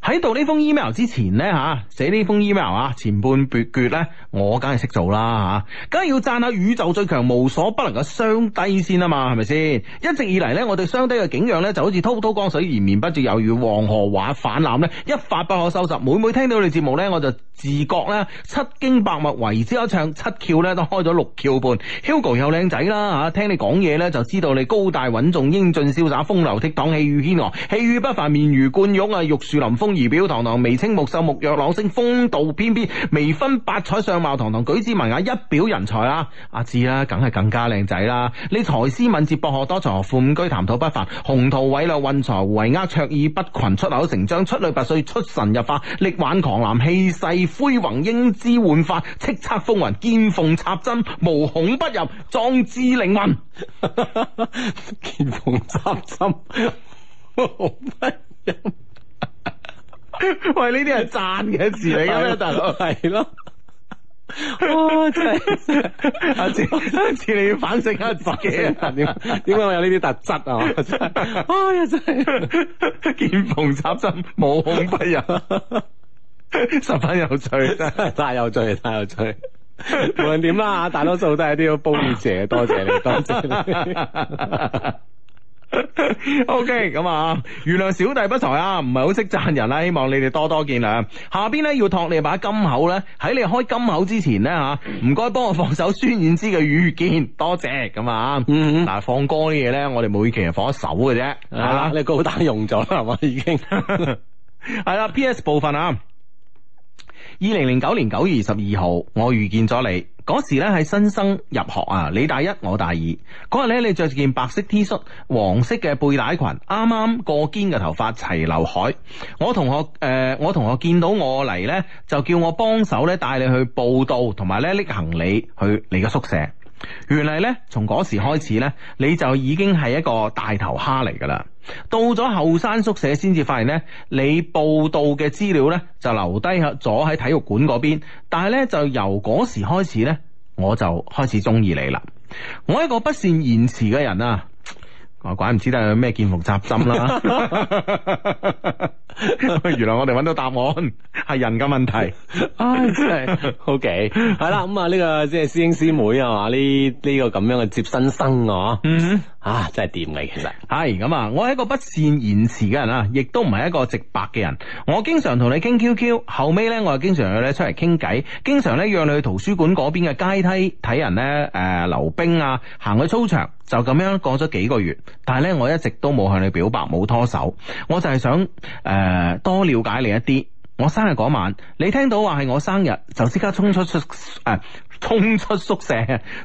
[SPEAKER 1] 喺度呢封 email 之前呢，吓，寫呢封 email 啊，前半撇絕呢，我梗係識做啦吓，梗係要讚下宇宙最強無所不能嘅雙低先啊嘛，係咪先？一直以嚟呢，我對雙低嘅景仰呢，就好似滔滔江水延綿不絕，猶如黃河畫反濫呢一發不可收拾。每每聽到你哋節目呢，我就自覺呢，七經百脈為之一唱，七竅呢都開咗六竅半。Hugo 又靚仔啦吓，聽你講嘢呢，就知道你高大穩重、英俊瀟灑、風流倜儻、氣宇軒昂、氣宇不凡、面如冠玉啊，玉樹立。林峰儀表堂堂，眉清目秀，目若朗星，風度翩翩，眉分八彩，相貌堂堂，舉止文雅，一表人才啊！阿志啊，梗係更加靚仔啦！你才思敏捷，博學多才，富居談吐不凡，鴻圖偉略，運財為厄，卓爾不群，出口成章，出類拔萃，出神入化，力挽狂瀾，氣勢恢宏，英姿煥發，叱咤風雲，見縫插針，無孔不入，壯志凌雲。見縫插針。喂，呢啲係讚嘅字，嚟噶咩？大佬係咯， 哇！真係，下次、 啊、你要反省下自己 啊？點點解我有呢啲特質啊？哎呀，真係 見縫插針，無孔不入，十分有趣，真係太有趣，太有，有趣。無論點啦，大多數都係啲要煲熱嘅，多謝你，多謝你。 O K，咁啊，原諒小弟不才啊，唔係好識讚人啦，啊，希望你哋多多見諒。下邊咧，要託你把金口咧，喺你開金口之前咧吓，唔該幫我放首孫燕姿嘅遇見，多謝咁啊。嗱，嗯哼，放歌啲嘢咧，我哋每期係放一首嘅啫，吓啦啦你高單用咗啦，係嘛已經。係 啦，P S 部分啊。二零零九年九月二十二號，我遇見咗你。嗰時咧係新生入學啊，你大一我大二。嗰日咧你着住件白色 T 恤、黃色嘅背帶裙，啱啱過肩嘅頭髮齊劉海。我同學誒、呃，我同學見到我嚟咧，就叫我幫手咧帶你去報到，同埋咧拎行李去你嘅宿舍。原來呢，從嗰時開始呢，你就已經係一個大頭蝦嚟噶啦。到咗後山宿舍先至發現呢，你報到嘅資料呢，就留低咗喺體育館嗰邊。但係呢，就由嗰時開始呢，我就開始中意你啦。我一個不善言辭嘅人啊，我怪唔知得有咩見縫插針啦。 原來我哋揾到答案係人嘅問題，唉、 哎，真係，O K，係啦，咁啊呢個即係師兄師妹啊，嘛呢呢個咁樣嘅接新生啊，嗯，嗯 啊真係掂嘅其實係咁啊，我係一個不善言辭嘅人啊，亦都唔係一個直白嘅人，我經常同你傾 Q Q，後尾呢，我又經常咧出嚟傾偈，經常咧約你去圖書館嗰邊嘅階梯睇人咧誒溜冰啊，行去操場就咁樣過咗幾個月，但係呢，我一直都冇向你表白，冇拖手，我就係想誒。呃誒，uh, 多了解你一啲。我生日嗰晚，你聽到話係我生日，就即刻衝出宿誒，衝、啊、出宿舍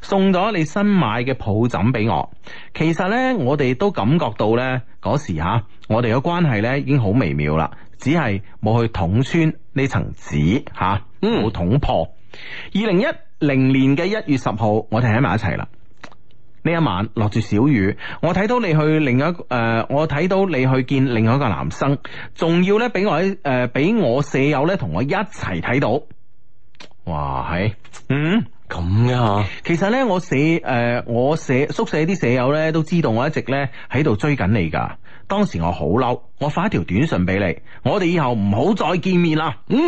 [SPEAKER 1] 送咗你新買嘅抱枕俾我。其實呢，我哋都感覺到呢，嗰時吓、啊，我哋嘅關係呢已經好微妙啦，只係冇去捅穿呢層紙吓，冇、啊、捅破。二零一零年嘅一月十號，我哋喺埋一齊啦。呢一晚落住小雨，我睇到你去另一誒、呃，我睇到你去見另外一個男生，仲要咧俾我誒、俾、呃、我舍友咧同我一齊睇到。哇，係，嗯，咁樣啊？其實呢，我舍誒、呃，我舍宿舍啲舍友咧都知道我一直咧喺度追緊你噶。當時我好嬲，我發一條短信俾你，我哋以後唔好再見面啦。嗯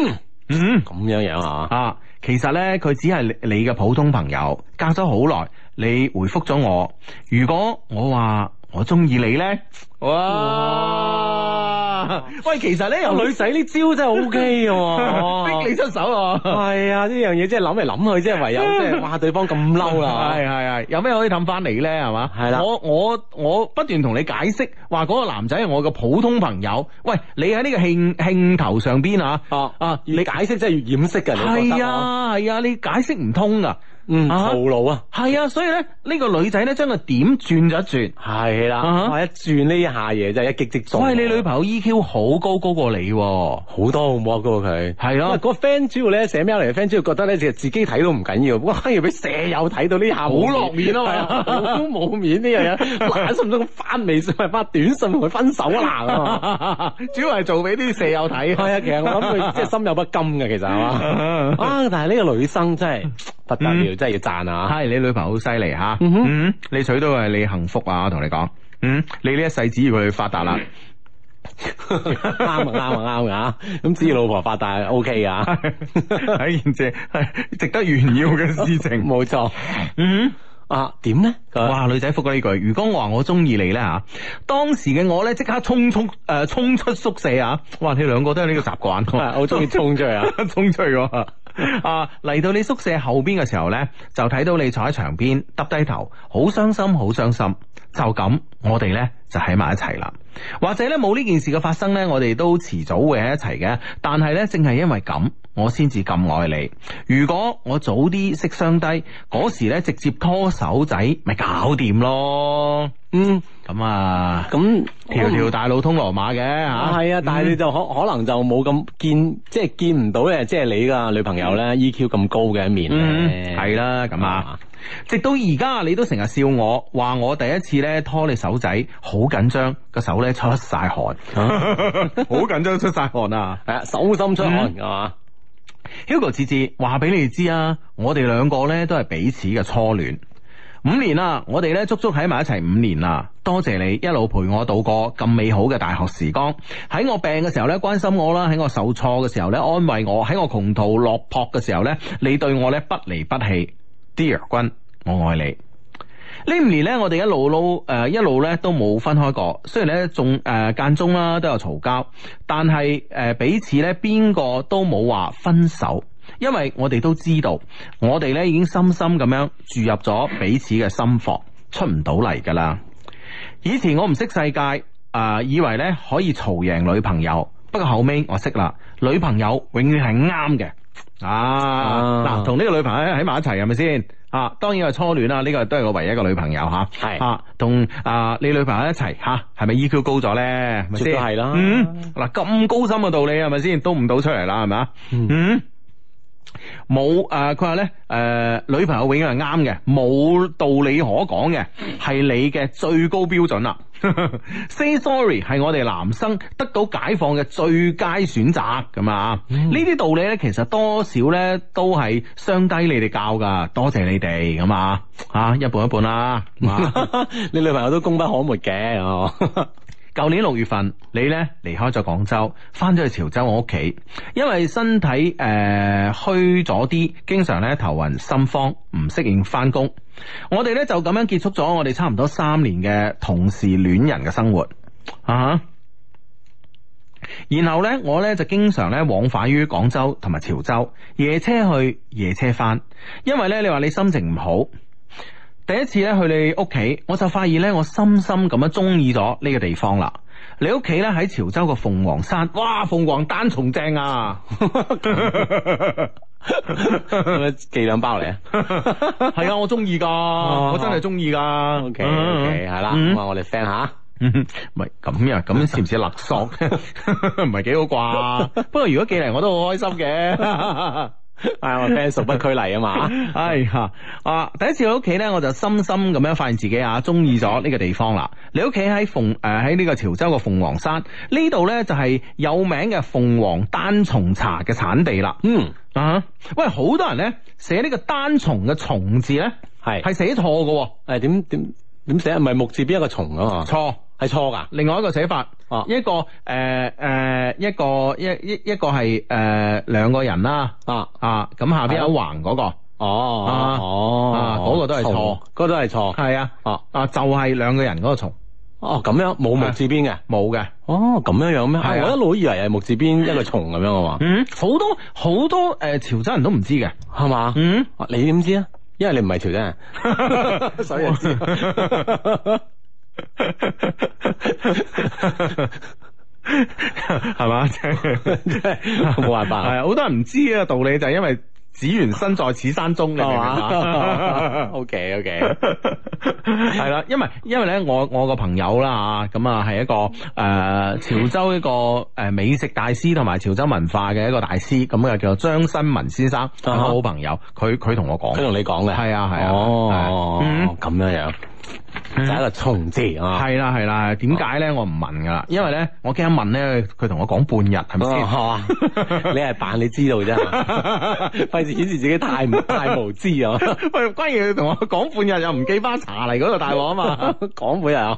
[SPEAKER 1] 嗯，咁樣樣啊？啊。其實咧，佢只係你嘅普通朋友，隔咗好耐，你回覆咗我。如果我話。我中意你咧，哇！哇喂，其實咧，由女仔呢招真係 O K 嘅， 逼你出手啊！係啊，呢樣嘢真係諗嚟諗去，即係唯有即係，哇！對方咁嬲啦，係係係，有咩可以氹翻你咧？係嘛，係啦，我我我不斷同你解釋，話嗰個男仔係我嘅普通朋友。喂，你喺呢個興興頭上邊啊？啊，啊，啊，你解釋真係越掩飾嘅，你係啊，係啊，你解釋唔通啊！嗯，套路啊，係啊，所以咧，呢個女仔咧，將個點轉咗一轉，係啦，哇，一轉呢下嘢就係一擊即中。喂，你女朋友 E Q 好高，高過你，好多好唔好過佢，係咯。個 friend 主要咧寫咩嚟嘅 friend 主要覺得咧其實自己睇都唔緊要，關鍵俾舍友睇到呢下，好落面啊嘛，都冇面呢樣嘢，諗下使唔使翻微信發短信同佢分手啊？主要係做俾啲舍友睇開啊，其實我諗佢即係心有不甘嘅，其實係嘛啊，但係呢個女生真係不得了。真係要讚啊！係你女朋友好犀利吓，嗯哼，你娶到係你幸福啊！我同你講，嗯，你呢一世只要佢發達啦，啱啊，啱啊，啱噶咁只要老婆發達係 OK 啊！係一件係值得炫耀嘅事情，冇錯，嗯啊，點咧？哇，女仔覆過呢句，如果我話我中意你咧吓，當時嘅我咧即刻衝出誒，衝出宿舍啊！哇，你兩個都係呢個習慣，我好中意衝出去，啊！衝出去。 啊！嚟到你宿舍後邊嘅時候咧，就睇到你坐喺牆邊，耷低頭，好傷心，好傷心。就咁，我哋呢就喺埋一齊啦。或者呢，冇呢件事嘅發生呢，我哋都遲早會喺一齊嘅。但係呢，正係因為咁，我先至咁愛你。如果我早啲識相低，嗰時呢直接拖手仔，咪搞掂咯。嗯，咁啊，咁條條大路通羅馬嘅吓。係啊，但係你就可可能就冇咁見，即係見唔到嘅，即係你嘅女朋友呢。EQ 咁高嘅一面咧。係啦，咁啊。嗯直到而家，你都成日笑我，話我第一次咧拖你手仔，好緊張，個手咧出晒汗，好緊張出晒汗啊！係啊，手心出汗，係嘛 ？Hugo 子志，話俾你知啊，我哋兩個咧都係彼此嘅初戀，五年啦，我哋咧足足喺埋一齊五年啦，多謝，謝你一路陪我度過咁美好嘅大學時光，喺我病嘅時候咧關心我啦，喺我受挫嘅時候咧安慰我，喺我窮途落魄嘅時候咧，你對我咧不離不棄。Dear 君，我愛你呢五年咧，離離我哋一路路誒、呃，一路咧都冇分開過。雖然咧仲誒間中啦、呃啊、都有嘈交，但係誒、呃、彼此咧邊個都冇話分手，因為我哋都知道，我哋咧已經深深咁樣注入咗彼此嘅心房，出唔到嚟噶啦。以前我唔識世界，誒、呃、以為咧可以嘈贏女朋友，不過後尾我識啦，女朋友永遠係啱嘅。啊，嗱，同呢個女朋友喺埋一齊係咪先？啊，當然係初戀啦，呢、這個都係我唯一一個女朋友吓，係、啊，同是啊你女朋友一齊吓，係咪 EQ 高咗咧？咪先，嗯，嗱咁、啊、高深嘅道理係咪先都唔到出嚟啦？係咪啊？嗯。嗯。冇誒，佢話咧誒，女朋友永遠係啱嘅，冇道理可講嘅，係你嘅最高標準啦。 Say sorry 係我哋男生得到解放嘅最佳選擇咁啊！呢啲道理咧，其實多少咧都係雙低你哋教噶，多謝你哋咁啊！啊，一半一半啦、啊， 你女朋友都功不可沒嘅哦。 舊年六月份，你咧離開咗廣州，翻咗去潮州我屋企，因為身體誒虛咗啲，經常咧頭暈心慌，唔適應翻工。我哋咧就咁樣結束咗我哋差唔多三年嘅同事戀人嘅生活啊！Uh huh. 然後呢，我呢就經常咧往返於廣州同埋潮州，夜車去，夜車翻，因為呢，你話你心情唔好。第一次咧去你屋企，我就發現咧我深深咁樣中意咗呢個地方啦。你屋企咧喺潮州個鳳凰山，哇鳳凰單重正啊！ 是是寄兩包嚟啊！係 啊，我中意噶，啊、我真係中意噶。啊、OK OK，係啦，咁啊，我哋 friend 下！唔係咁樣，咁似唔似勒索？唔係幾好啩？ 不過如果寄嚟，我都好開心嘅。 係我聽屬不拘禮啊嘛，係啊、 哎、啊！第一次去屋企咧，我就深深咁樣發現自己啊，中意咗呢個地方啦。你屋企喺鳳誒喺呢個潮州嘅鳳凰山呢度咧，就係有名嘅鳳凰單叢茶嘅產地啦。嗯啊，喂，好多人咧寫呢個單叢嘅叢字咧，係係寫錯㗎。誒，點點點寫？唔係木字邊一個叢啊嘛？錯。係錯噶，另外一個寫法，一個誒誒一個一一一個係誒兩個人啦，啊啊咁下邊一橫嗰個，哦哦，嗰個都係錯，嗰個都係錯，係啊，啊啊就係兩個人嗰個虫，哦咁樣冇木字邊嘅，冇嘅，哦咁樣樣咩？我一路以為係木字邊一個虫咁樣啊嘛，嗯，好多好多誒潮州人都唔知嘅，係嘛，嗯，你點知啊？因為你唔係潮州人，所以係嘛 是吧？即係冇辦法。係好 多人唔知呢個，道理就係因為只緣身在此山中嘅嘛。 OK OK，係 啦，因為因為咧，我我個朋友啦吓，咁啊係一個誒潮州一個誒美食大師同埋潮州文化嘅一個大師，咁啊叫張新文先生，我好朋友，佢佢同我講，佢同你講嘅，係啊係啊，哦咁樣樣。就係一個從字啊！係啦係啦，點解咧？我唔問噶，因為咧我驚問咧，佢同我講半日係咪先？你係扮你知道啫，費事顯示自己太無太無知啊！喂，關鍵佢同我講半日又唔記翻查嚟嗰度大鑊啊嘛，講半日啊，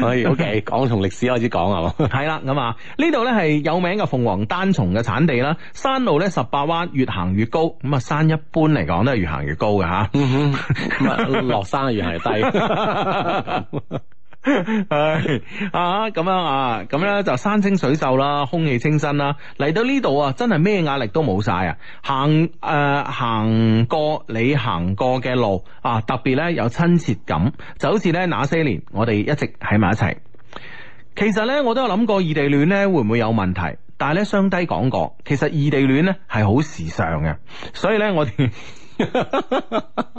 [SPEAKER 1] 可以 OK， 講從歷史開始講係嘛？係啦咁啊，呢度咧係有名嘅鳳凰單叢嘅產地啦。山路咧十八彎，越行越高。咁啊，山一般嚟講都係越行越高嘅嚇。唔 哼、嗯，落山越行越低。 係 啊，咁、 啊、樣啊，咁咧就山清水秀啦，空氣清新啦，嚟到呢度啊，真係咩壓力都冇晒啊！行誒、呃，行過你行過嘅路啊，特別咧有親切、啊、切感，就好似咧那些年我哋一直喺埋一齊。其實咧，我都有諗過異地戀咧會唔會有問題，但係咧雙低講過，其實異地戀咧係好時尚嘅，所以咧我哋。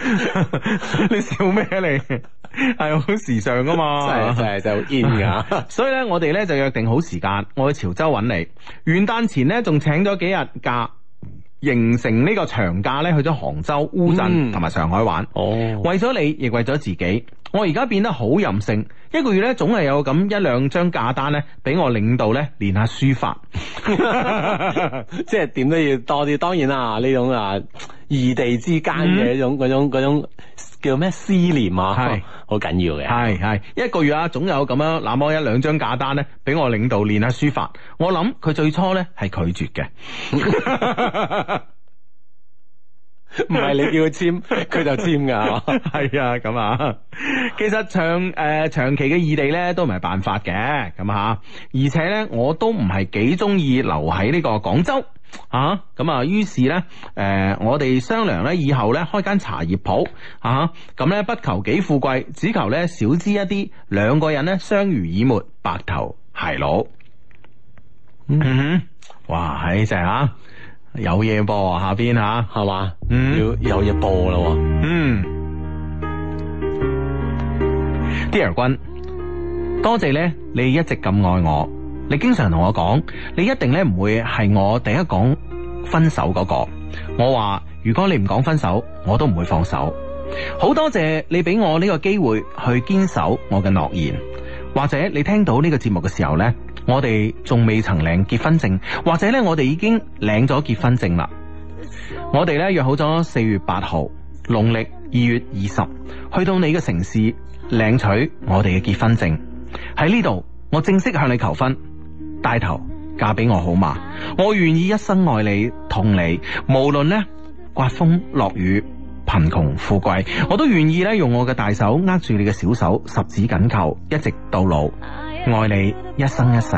[SPEAKER 1] 你笑咩？你係好 時尚噶嘛？就係 in 噶！所以咧，我哋咧就約定好時間，我去潮州揾你。元旦前咧，仲請咗幾日假，形成呢個長假咧，去咗杭州烏鎮同埋上海玩。哦、嗯，oh, okay. 為咗你，亦為咗自己，我而家變得好任性。一個月咧，總係有咁一兩張假單咧，俾我領導咧練下書法。 即係點都要多啲。當然啦，呢種啊。異地之間嘅一種、嗰、嗯、種、嗰、種叫咩思念啊，好緊是、哦、要嘅。係係一個月啊，總有咁樣那麼一兩張假單咧，俾我領導練下書法。我諗佢最初咧係拒絕嘅，唔 係 你叫佢簽，佢就簽噶。係 啊，咁啊，其實長誒、呃、長期嘅異地咧都唔係辦法嘅。咁吓、啊，而且咧我都唔係幾中意留喺呢個廣州。吓，咁啊，於是咧，誒、呃，我哋商量咧，以後咧開間茶葉鋪吓，咁、啊、咧、啊、不求幾富貴，只求咧少知一啲，兩個人咧相濡以沫，白頭偕老。嗯哼，哇，喺正啊，有嘢播下邊吓，係嘛，要、嗯、有嘢播啦。嗯，Dear 君，多謝咧，你一直咁愛我。你經常同我講，你一定咧唔會係我第一講分手嗰個。我話如果你唔講分手，我都唔會放手。好多謝你俾我呢個機會去堅守我嘅諾言。或者你聽到呢個節目嘅時候呢，我哋仲未曾領結婚證，或者咧我哋已經領咗結婚證啦。我哋咧約好咗四月八號，農曆二月二十，去到你嘅城市領取我哋嘅結婚證。喺呢度，我正式向你求婚。帶頭嫁俾我好嘛？我願意一生愛你、痛你，無論咧颳風落雨、貧窮富貴，我都願意咧用我嘅大手握住你嘅小手，十指緊扣，一直到老，愛你一生一世。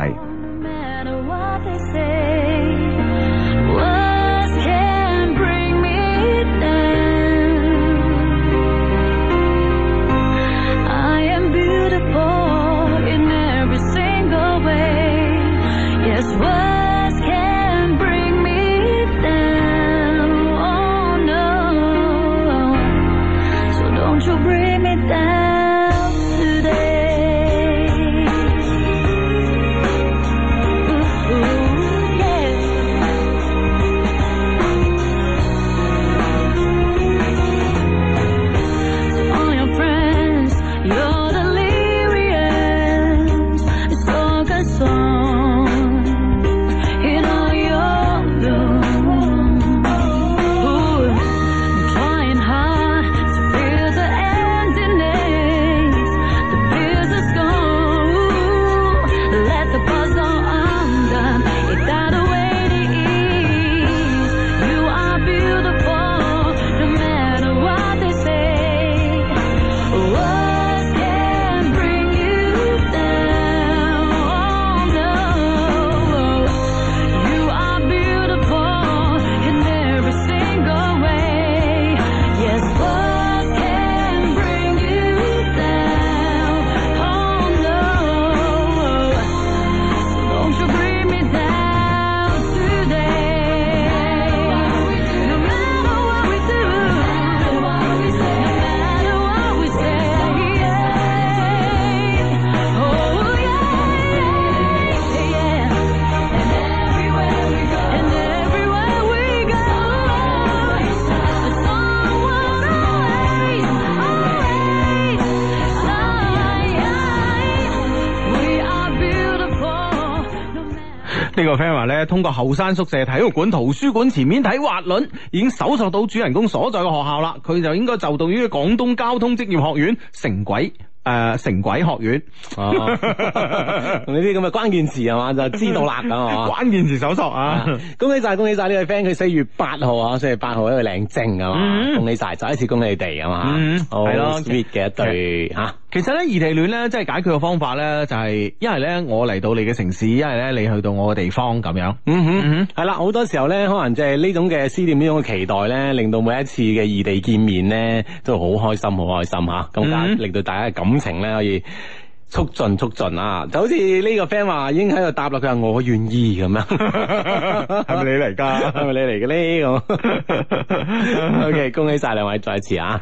[SPEAKER 1] 呢個 friend 話咧，通過後山宿舍體育館、圖書館前面睇滑輪，已經搜索到主人公所在嘅學校啦。佢就應該就讀於廣東交通職業學院城軌誒城軌學院。哦，同呢啲咁嘅關鍵詞係嘛，就知道啦，咁。關鍵詞搜索啊！恭喜晒，嗯、恭喜晒呢位 friend，佢四月八號啊，四月八號喺度領證啊嘛。恭喜晒，再一次恭喜你哋啊嘛。係、嗯嗯、咯，sweet 嘅一對啊！對對。其實呢，異地戀呢，即係解決嘅方法呢，就係一係呢，我嚟到你嘅城市，一係呢，你去到我嘅地方咁樣嗯。嗯
[SPEAKER 3] 哼，
[SPEAKER 1] 係啦，好多時候呢，可能即係呢種嘅思念，呢種嘅期待呢，令到每一次嘅異地見面呢，都好開心，好開心吓，咁、啊嗯、哼令到大家嘅感情呢，可以。促進促進啊，就好似呢個 friend 話已經喺度答啦，佢話我願意咁樣，係咪你嚟噶？係咪你嚟嘅呢？咁 OK，恭喜晒兩位再次啊！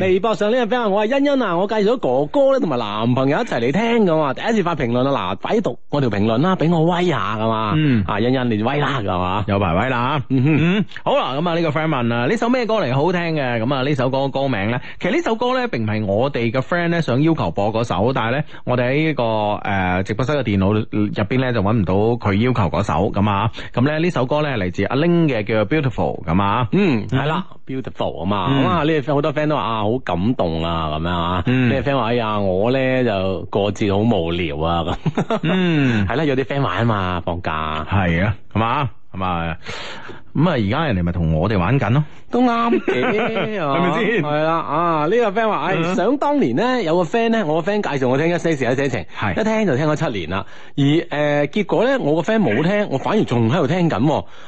[SPEAKER 1] 微博是、啊、上呢個 friend 話，我係欣欣啊，我介紹咗哥哥咧同埋男朋友一齊嚟聽咁啊，第一次發評論啊，嗱、啊，快讀我條評論啦，俾我威下噶嘛，嗯、啊，欣欣連威啦噶嘛，有排威啦、啊，嗯，嗯好啦，咁啊呢個 friend 問啊，呢首咩歌嚟？好聽嘅，咁啊呢首歌歌名咧，其實呢首歌咧並唔係我哋嘅 friend 咧想要求播嗰首，但係咧。我哋喺呢個誒、呃、直播室嘅電腦入邊咧，就揾唔到佢要求嗰首咁啊，咁咧呢首歌咧嚟自阿 Ling 嘅叫《Beautiful》咁啊，嗯，係啦，《Beautiful》啊、嗯嗯啊嘛，咁啊呢好多 friend 都話啊好感動啊咁啊，呢個 friend 話哎呀我咧就過節好無聊啊咁，啊嗯，係啦、 啊、有啲 friend 玩嘛放假，係啊，係嘛、啊。咁啊，咁啊，而家人哋咪同我哋玩緊咯，都啱嘅，係咪先？係啦，啊呢個 friend 話，唉，想當年咧，有個 friend 咧，我個 friend 介紹我聽《一些事一些情》，係一聽就聽咗七年啦。而誒，結果咧，我個 friend 冇聽，我反而仲喺度聽緊。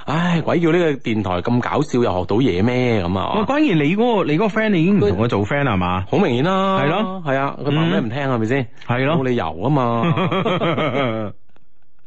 [SPEAKER 1] 唉，鬼叫呢個電台咁搞笑，又學到嘢咩咁啊？關於你嗰個你嗰個 friend，你已經唔同我做 friend 啦嘛？好明顯啦，係咯，係啊，佢憑咩唔聽啊？係咪先？係咯，冇理由啊嘛。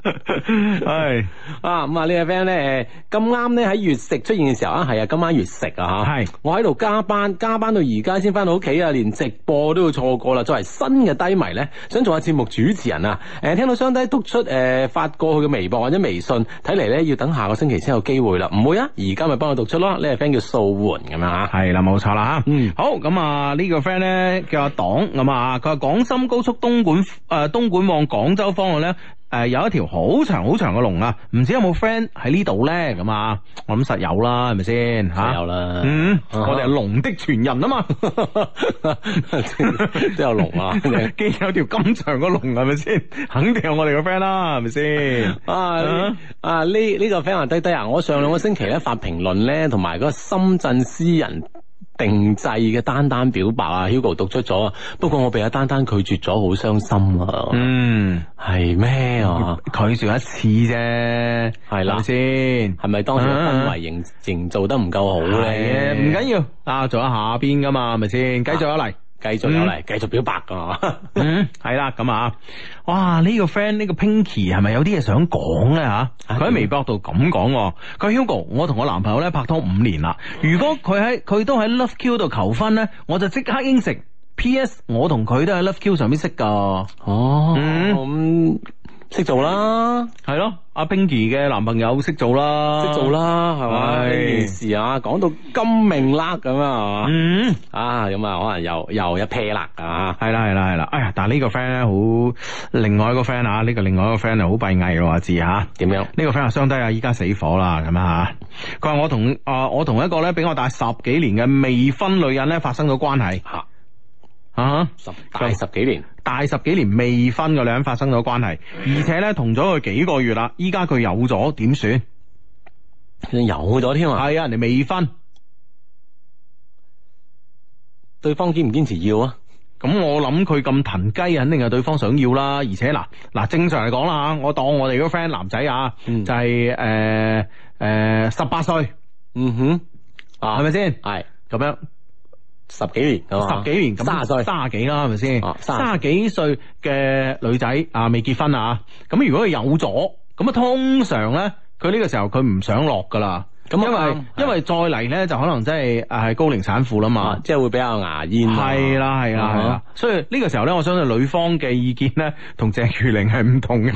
[SPEAKER 1] 係啊，咁啊呢個 friend 咧，咁啱咧喺月食出現嘅時候啊，係啊，今晚月食啊，吓係。我喺度加班，加班到而家先翻到屋企啊，連直播都要錯過啦。作為新嘅低迷咧，想做下節目主持人啊，誒，聽到雙低讀出誒，發過去嘅微博或者微信，睇嚟咧要等下個星期先有機會啦。唔會啊，而家咪幫我讀出咯。呢個 friend 叫素煥咁樣啊，係啦，冇錯啦，吓，嗯，好，咁啊呢個 friend 咧叫阿黨咁啊，佢話廣深高速東莞誒，東莞往廣州方向咧。誒、呃，有一條好長好長嘅龍啊，唔知有冇 friend 喺呢度咧？咁啊，我諗實有啦，係咪先吓？有啦，啊、嗯，我哋係龍的傳人啊嘛， 都有龍龍啊， 竟然有條咁長嘅龍，係咪先？ 肯定有我哋嘅 friend 啦，係咪先？啊啊，呢呢個 friend 話弟弟啊，我上兩個星期咧發評論咧，同埋個深圳私人。定制嘅丹丹表白啊，Hugo 讀出咗，啊，不過我俾阿丹丹拒絕咗，好傷心啊！嗯，係咩啊？拒絕一次啫，係啦先？係咪當時氛圍營營造得唔夠好咧？唔緊要，啊，做喺下邊噶嘛，係咪先？繼續落、啊、嚟。啊繼續有嚟，繼、嗯、續表白噶，係 啦、嗯，咁 啊，哇，這個這個、Pinky，是是呢個 friend 呢個 Pinky 係咪有啲嘢想講咧吓？佢喺、哎、呀微博度咁講，佢 Hugo，我同我男朋友咧拍拖五年啦。如果佢喺佢都喺 Love Q 度求婚咧，我就即刻應承。P.S. 我同佢都喺 Love Q 上面識噶。哦。嗯嗯識做啦，係咯，阿、啊、Bingie 嘅男朋友識做啦，識做啦，係咪？事是啊，講到金命甩咁、嗯、啊，嗯，啊，咁啊，可能又又一撇甩啊，係啦係啦係啦，哎呀，但係呢個 friend 咧好，另外一個 friend 啊，呢、這個另外一個 friend 又好閉翳喎，我知吓，點樣？呢個 friend 啊，相低啊，依家死火啦，咁啊佢話我同啊，我同一個咧比我大十幾年嘅未婚女人咧發生咗關係，吓，啊，大、啊啊、十幾年。對啊大十幾年未婚嘅女人發生咗關係，而且咧同咗佢幾個月啦，依家佢有咗點算？有咗添啊！係啊，人哋未婚，對方堅唔堅持要啊？咁、嗯、我諗佢咁騰雞，肯定係對方想要啦。而且嗱嗱、啊，正常嚟講啦，我當我哋嗰 friend 男仔啊，嗯、就係誒誒十八歲，呃呃、歲嗯哼，係咪先？係咁是樣。十幾年，嗯、十幾年咁、嗯、卅歲卅幾啦，係咪先？三十幾歲嘅女仔啊，未結婚啊，咁如果佢有咗，咁啊通常咧，佢呢個時候佢唔想落噶啦。咁因為因為再嚟咧，就可能真係誒係高齡產婦啦嘛，即係會比較牙煙。係啦係啦係啦，所以呢個時候咧，我相信女方嘅意見咧，同鄭月玲係唔同嘅。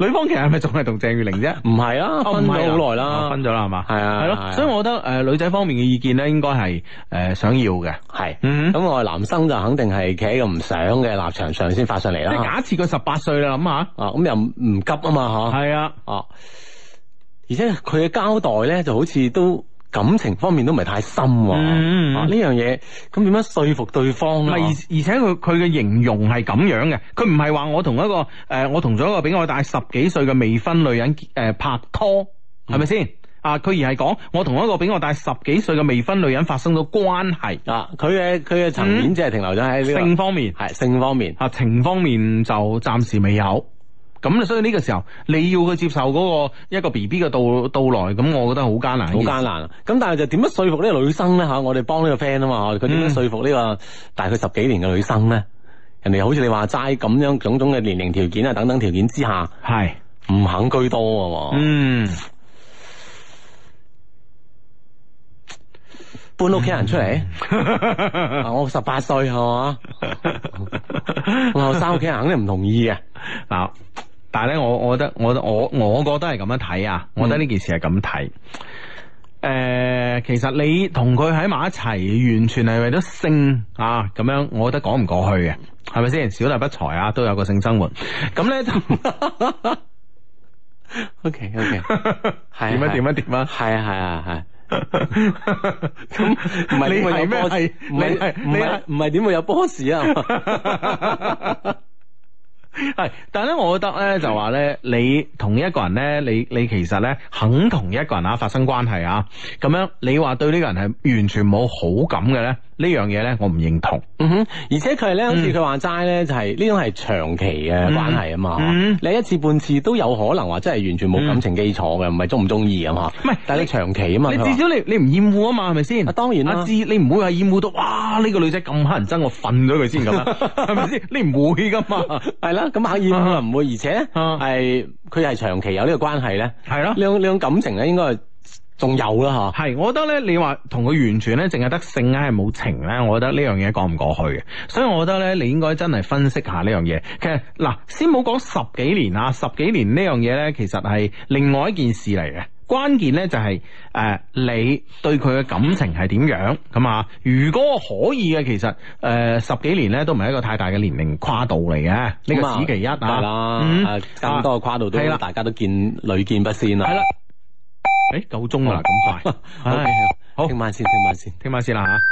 [SPEAKER 1] 女方其實係咪仲係同鄭月玲啫？唔係啊，分咗好耐啦，分咗啦係嘛，係啊。係咯，所以我覺得誒女仔方面嘅意見咧，應該係誒想要嘅，係。咁我哋男生就肯定係企喺個唔想嘅立場上先發上嚟啦。即係假設佢十八歲啦，咁啊。啊，咁又唔急啊嘛，吓。係啊。哦。而且佢嘅交代呢，就好似都感情方面都唔係太深喎。呢樣嘢咁點樣說服對方咧，啊？而且佢佢嘅形容係咁樣嘅，佢唔係話我同一個誒、呃，我同咗一個比我大十幾歲嘅未婚女人誒、呃、拍拖，係咪先？嗯、啊，佢而係講我同一個比我大十幾歲嘅未婚女人發生咗關係。啊，佢嘅佢嘅層面只係停留咗喺、這個嗯、性方面，係性方面吓、啊，情方面就暫時未有。咁所以呢個時候，你要佢接受嗰個一個 BB 嘅到到來，咁我覺得好艱難。好艱難。咁但係就點樣說服呢個女生咧？吓，我哋幫呢個 friend 啊嘛，佢點樣說服呢個大概十幾年嘅女生咧？人哋好似你話齋咁樣種種嘅年齡條件啊，等等條件之下，係唔是肯居多㗎喎。嗯，搬屋企人出嚟， 我十八歲係嘛，我後生屋企人肯定唔同意啊。嗱。但係咧，我我覺得我我我覺得係咁樣睇啊，我覺得呢件事係咁睇。誒、嗯呃，其實你同佢喺埋一齊，完全係為咗性啊，咁樣我覺得講唔過去嘅，係咪先？小弟不才啊，都有個性生活，咁咧就。O K O K，點樣點樣點樣，係啊係啊係。咁唔係你係咩？係唔係唔係唔係點會有 boss 啊？係，但係咧，我覺得咧，就話咧，你同一個人咧，你你其實咧，肯同一個人啊發生關係啊，咁樣你話對呢個人係完全冇好感嘅咧？呢樣嘢咧，我唔認同。嗯哼，而且佢係咧，好似佢話齋咧，就係呢種係長期嘅關係啊嘛。你一次半次都有可能話真係完全冇感情基礎嘅，唔係中唔中意啊嘛。唔係，但係你長期啊嘛。你至少你你唔厭惡啊嘛，係咪先？當然啦。至你唔會係厭惡到哇呢個女仔咁乞人憎，我瞓咗佢先咁，係咪先？你唔會㗎嘛，係啦。咁肯定唔會。而且係佢係長期有呢個關係咧，係咯。呢種呢種感情咧，應該係。仲有啦、啊、嚇，係，我覺得咧，你話同佢完全咧，淨係得性咧，係冇情咧，我覺得呢樣嘢講唔過去嘅。所以我覺得咧，你應該真係分析下呢樣嘢。其實嗱，先冇講十幾年啊，十幾年呢樣嘢咧，其實係另外一件事嚟嘅。關鍵咧就係、是、誒、呃，你對佢嘅感情係點樣咁啊？如果可以嘅，其實誒、呃、十幾年咧都唔係一個太大嘅年齡跨度嚟嘅，呢個此其一啊，咁、嗯嗯、多嘅跨度都大家都見屢見不鮮啦。嗯嗯嗯誒，夠鐘啦，咁好麼快，係， 好，聽晚先，聽晚先，聽晚先啦吓。